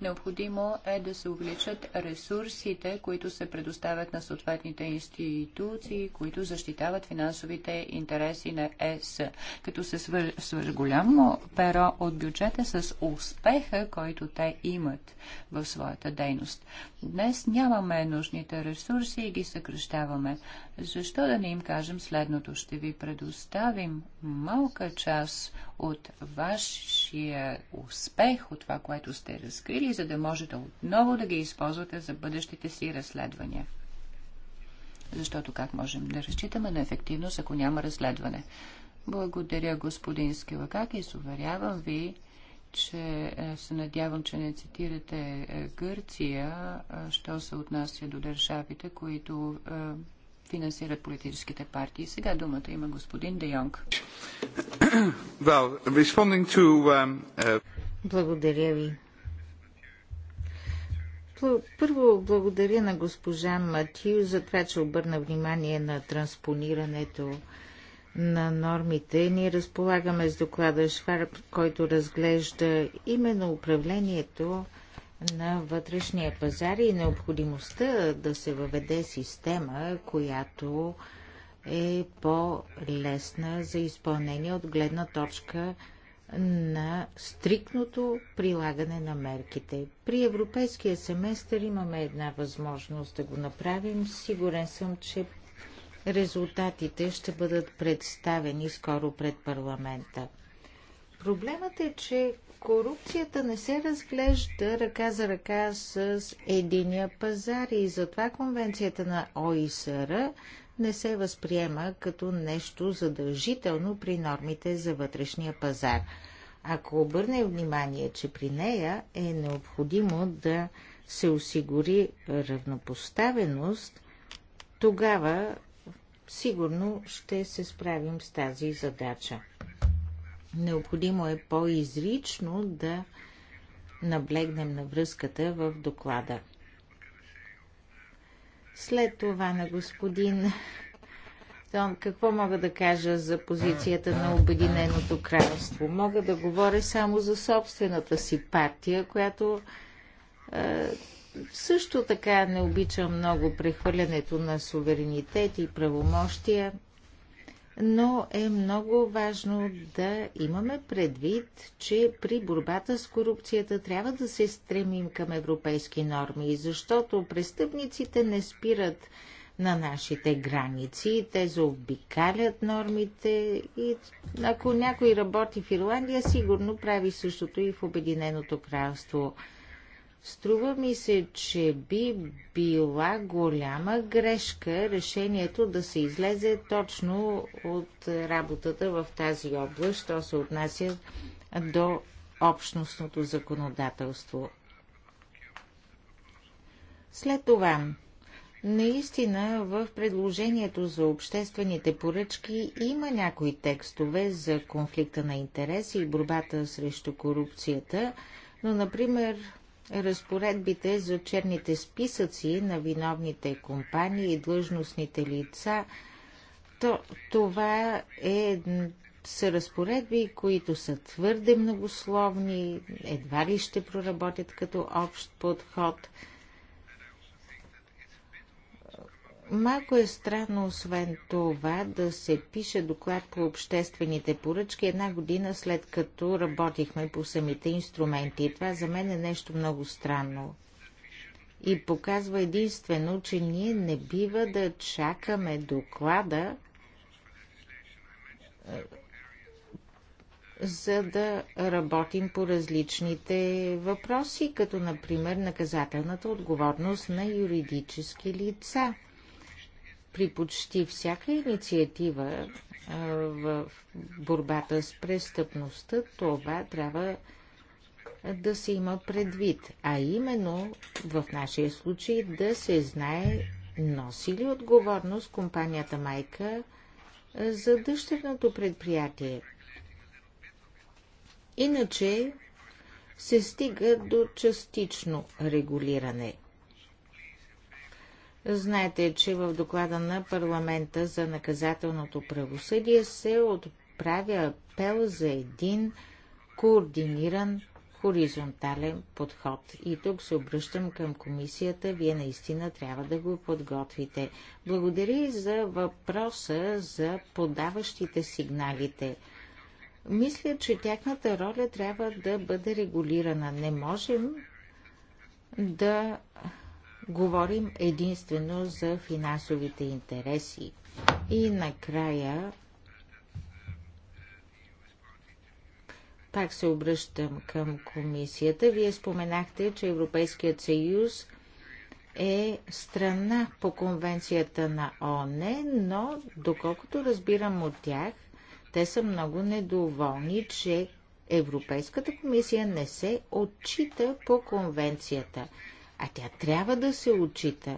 необходимо е да се увеличат ресурсите, които се предоставят на съответните институции, които защитават финансовите интереси на ЕС, като се свържи голямо перо от бюджета с успеха, който те имат в своята дейност дейност. Днес нямаме нужните ресурси и ги съкръщаваме. Защо да не им кажем следното? Ще ви предоставим малка част от вашия успех, от това, което сте разкрили, за да можете отново да ги използвате за бъдещите си разследвания. Защото как можем да разчитаме на ефективност, ако няма разследване? Благодаря, господин Скилакак, и суверявам ви, че е, се надявам, че не цитирате е, Гърция, е, що се отнася до държавите, които финансират политическите партии. Сега думата има господин Де Йонг. Um, uh, благодаря ви. Първо благодаря на госпожа Матю за това, че обърна внимание на транспонирането на нормите. Ние разполагаме с доклада Шварб, който разглежда именно управлението на вътрешния пазар и необходимостта да се въведе система, която е по-лесна за изпълнение от гледна точка на стрикното прилагане на мерките. При европейския семестър имаме една възможност да го направим. Сигурен съм, че Резултатите ще бъдат представени скоро пред парламента. Проблемът е, че корупцията не се разглежда ръка за ръка с единия пазар и затова конвенцията на ОИСР не се възприема като нещо задължително при нормите за вътрешния пазар. Ако обърне внимание, че при нея е необходимо да се осигури равнопоставеност, тогава сигурно ще се справим с тази задача. Необходимо е по-изрично да наблегнем на връзката в доклада. След това на господин Том, какво мога да кажа за позицията на Обединеното кралство? Мога да говоря само за собствената си партия, която е, също така не обичам много прехвърлянето на суверенитет и правомощия, но е много важно да имаме предвид, че при борбата с корупцията трябва да се стремим към европейски норми, защото престъпниците не спират на нашите граници, те заобикалят нормите и ако някой работи в Ирландия, сигурно прави същото и в Обединеното кралство – Струва ми се, че би била голяма грешка решението да се излезе точно от работата в тази област, що се отнася до общностното законодателство. След това, наистина в предложението за обществените поръчки има някои текстове за конфликта на интереси и борбата срещу корупцията, но, например, Разпоредбите за черните списъци на виновните компании и длъжностните лица, то, това е, са разпоредби, които са твърде многословни, едва ли ще проработят като общ подход – Малко е странно, освен това, да се пише доклад по обществените поръчки една година след като работихме по самите инструменти. И това за мен е нещо много странно. И показва единствено, че ние не бива да чакаме доклада, е, за да работим по различните въпроси, като например наказателната отговорност на юридически лица – при почти всяка инициатива в борбата с престъпността, това трябва да се има предвид, а именно в нашия случай да се знае носи ли отговорност компанията майка за дъщерното предприятие. Иначе се стига до частично регулиране – Знаете, че в доклада на парламента за наказателното правосъдие се отправя апел за един координиран хоризонтален подход. И тук се обръщам към комисията. Вие наистина трябва да го подготвите. Благодаря и за въпроса за подаващите сигналите. Мисля, че тяхната роля трябва да бъде регулирана. Не можем да говорим единствено за финансовите интереси. И накрая пак се обръщам към комисията. Вие споменахте, че Европейският съюз е страна по конвенцията на ООН, но доколкото разбирам от тях, те са много недоволни, че Европейската комисия не се отчита по конвенцията а тя трябва да се отчита.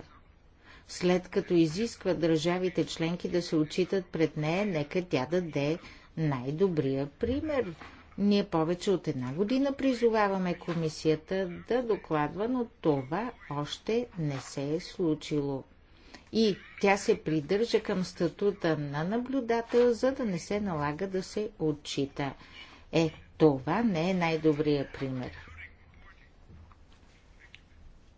След като изисква държавите членки да се отчитат пред нея, нека тя даде най-добрия пример. Ние повече от една година призоваваме комисията да докладва, но това още не се е случило. И тя се придържа към статута на наблюдател, за да не се налага да се отчита. Е, това не е най-добрият пример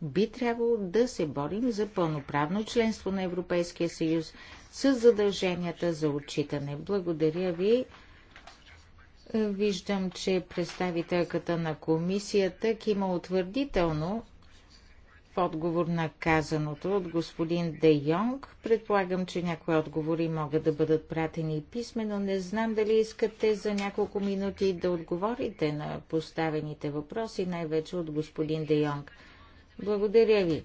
би трябвало да се борим за пълноправно членство на Европейския съюз с задълженията за отчитане. Благодаря ви. Виждам, че представителката на комисията има утвърдително в отговор на казаното от господин Де Йонг. Предполагам, че някои отговори могат да бъдат пратени писменно. Не знам дали искате за няколко минути да отговорите на поставените въпроси, най-вече от господин Де Йонг. Благодаря ви.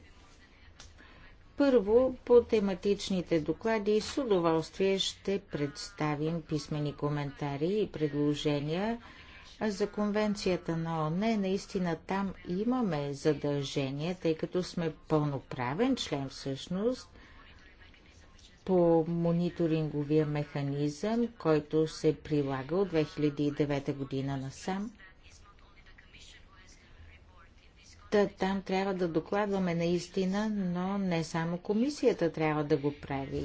Първо, по тематичните доклади с удоволствие ще представим писмени коментари и предложения за конвенцията на ОНЕ. Наистина там имаме задължения, тъй като сме пълноправен член всъщност по мониторинговия механизъм, който се прилага от 2009 година насам. Та там трябва да докладваме наистина, но не само комисията трябва да го прави.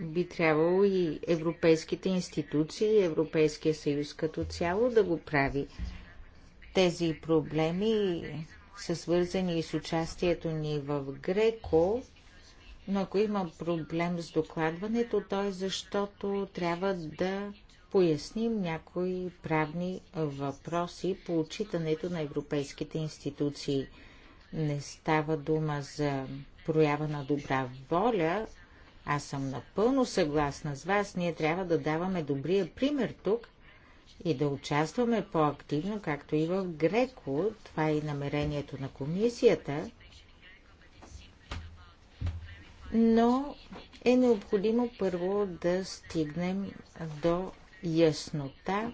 Би трябвало и европейските институции, Европейския съюз като цяло да го прави. Тези проблеми са свързани и с участието ни в Греко, но ако има проблем с докладването, то е защото трябва да поясним някои правни въпроси по отчитането на европейските институции. Не става дума за проява на добра воля. Аз съм напълно съгласна с вас. Ние трябва да даваме добрия пример тук и да участваме по-активно, както и в Греко. Това е и намерението на комисията. Но е необходимо първо да стигнем до яснота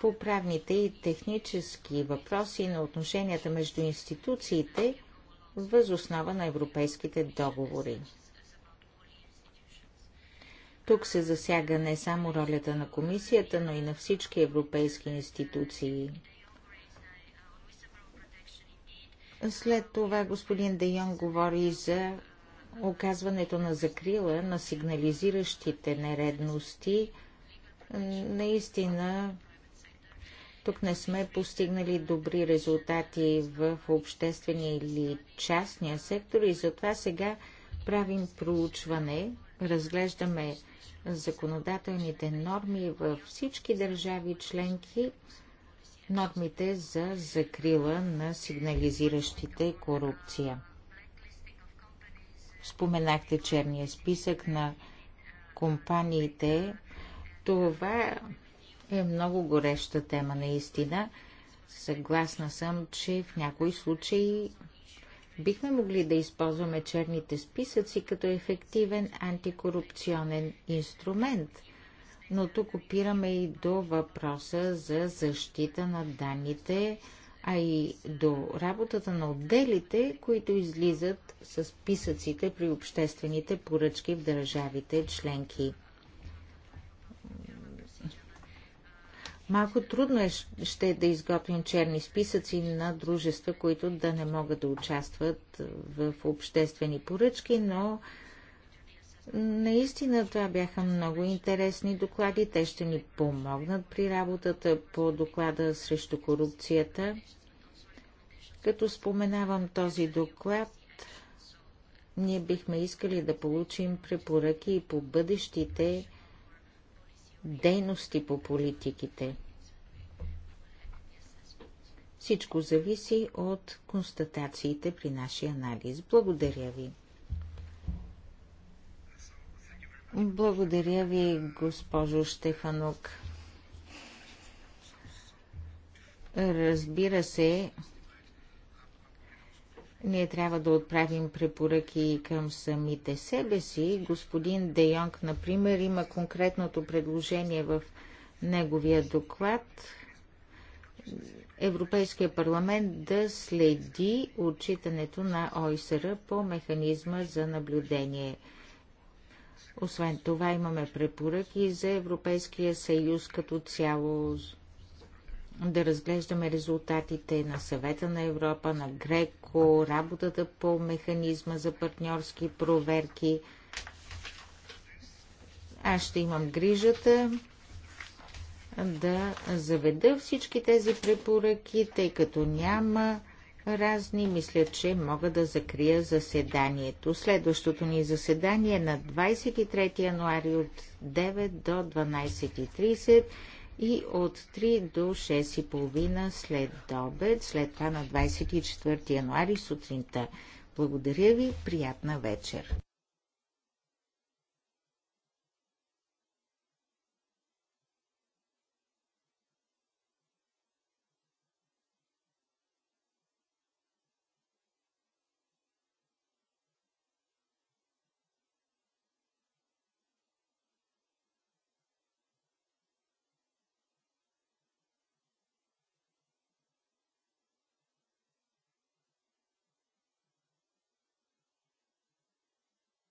по правните и технически въпроси на отношенията между институциите въз основа на европейските договори. Тук се засяга не само ролята на комисията, но и на всички европейски институции. След това господин Дейон говори за оказването на закрила на сигнализиращите нередности – Наистина, тук не сме постигнали добри резултати в обществения или частния сектор и затова сега правим проучване, разглеждаме законодателните норми във всички държави членки, нормите за закрила на сигнализиращите корупция. Споменахте черния списък на компаниите, това е много гореща тема, наистина. Съгласна съм, че в някои случаи бихме могли да използваме черните списъци като ефективен антикорупционен инструмент. Но тук опираме и до въпроса за защита на данните, а и до работата на отделите, които излизат с писъците при обществените поръчки в държавите членки. Малко трудно е, ще да изготвим черни списъци на дружества, които да не могат да участват в обществени поръчки, но наистина това бяха много интересни доклади. Те ще ни помогнат при работата по доклада срещу корупцията. Като споменавам този доклад, ние бихме искали да получим препоръки и по бъдещите дейности по политиките. Всичко зависи от констатациите при нашия анализ. Благодаря ви. Благодаря ви, госпожо Штефанук. Разбира се, ние трябва да отправим препоръки към самите себе си. Господин Де Йонг, например, има конкретното предложение в неговия доклад Европейския парламент да следи отчитането на ОИСР по механизма за наблюдение. Освен това имаме препоръки за Европейския съюз като цяло, да разглеждаме резултатите на съвета на Европа, на Греко, работата по механизма за партньорски проверки. Аз ще имам грижата да заведа всички тези препоръки, тъй като няма разни, мисля, че мога да закрия заседанието. Следващото ни заседание е на 23 януари от 9 до 12.30 и от 3 до 6.30 след обед, след това на 24 януари сутринта. Благодаря ви, приятна вечер!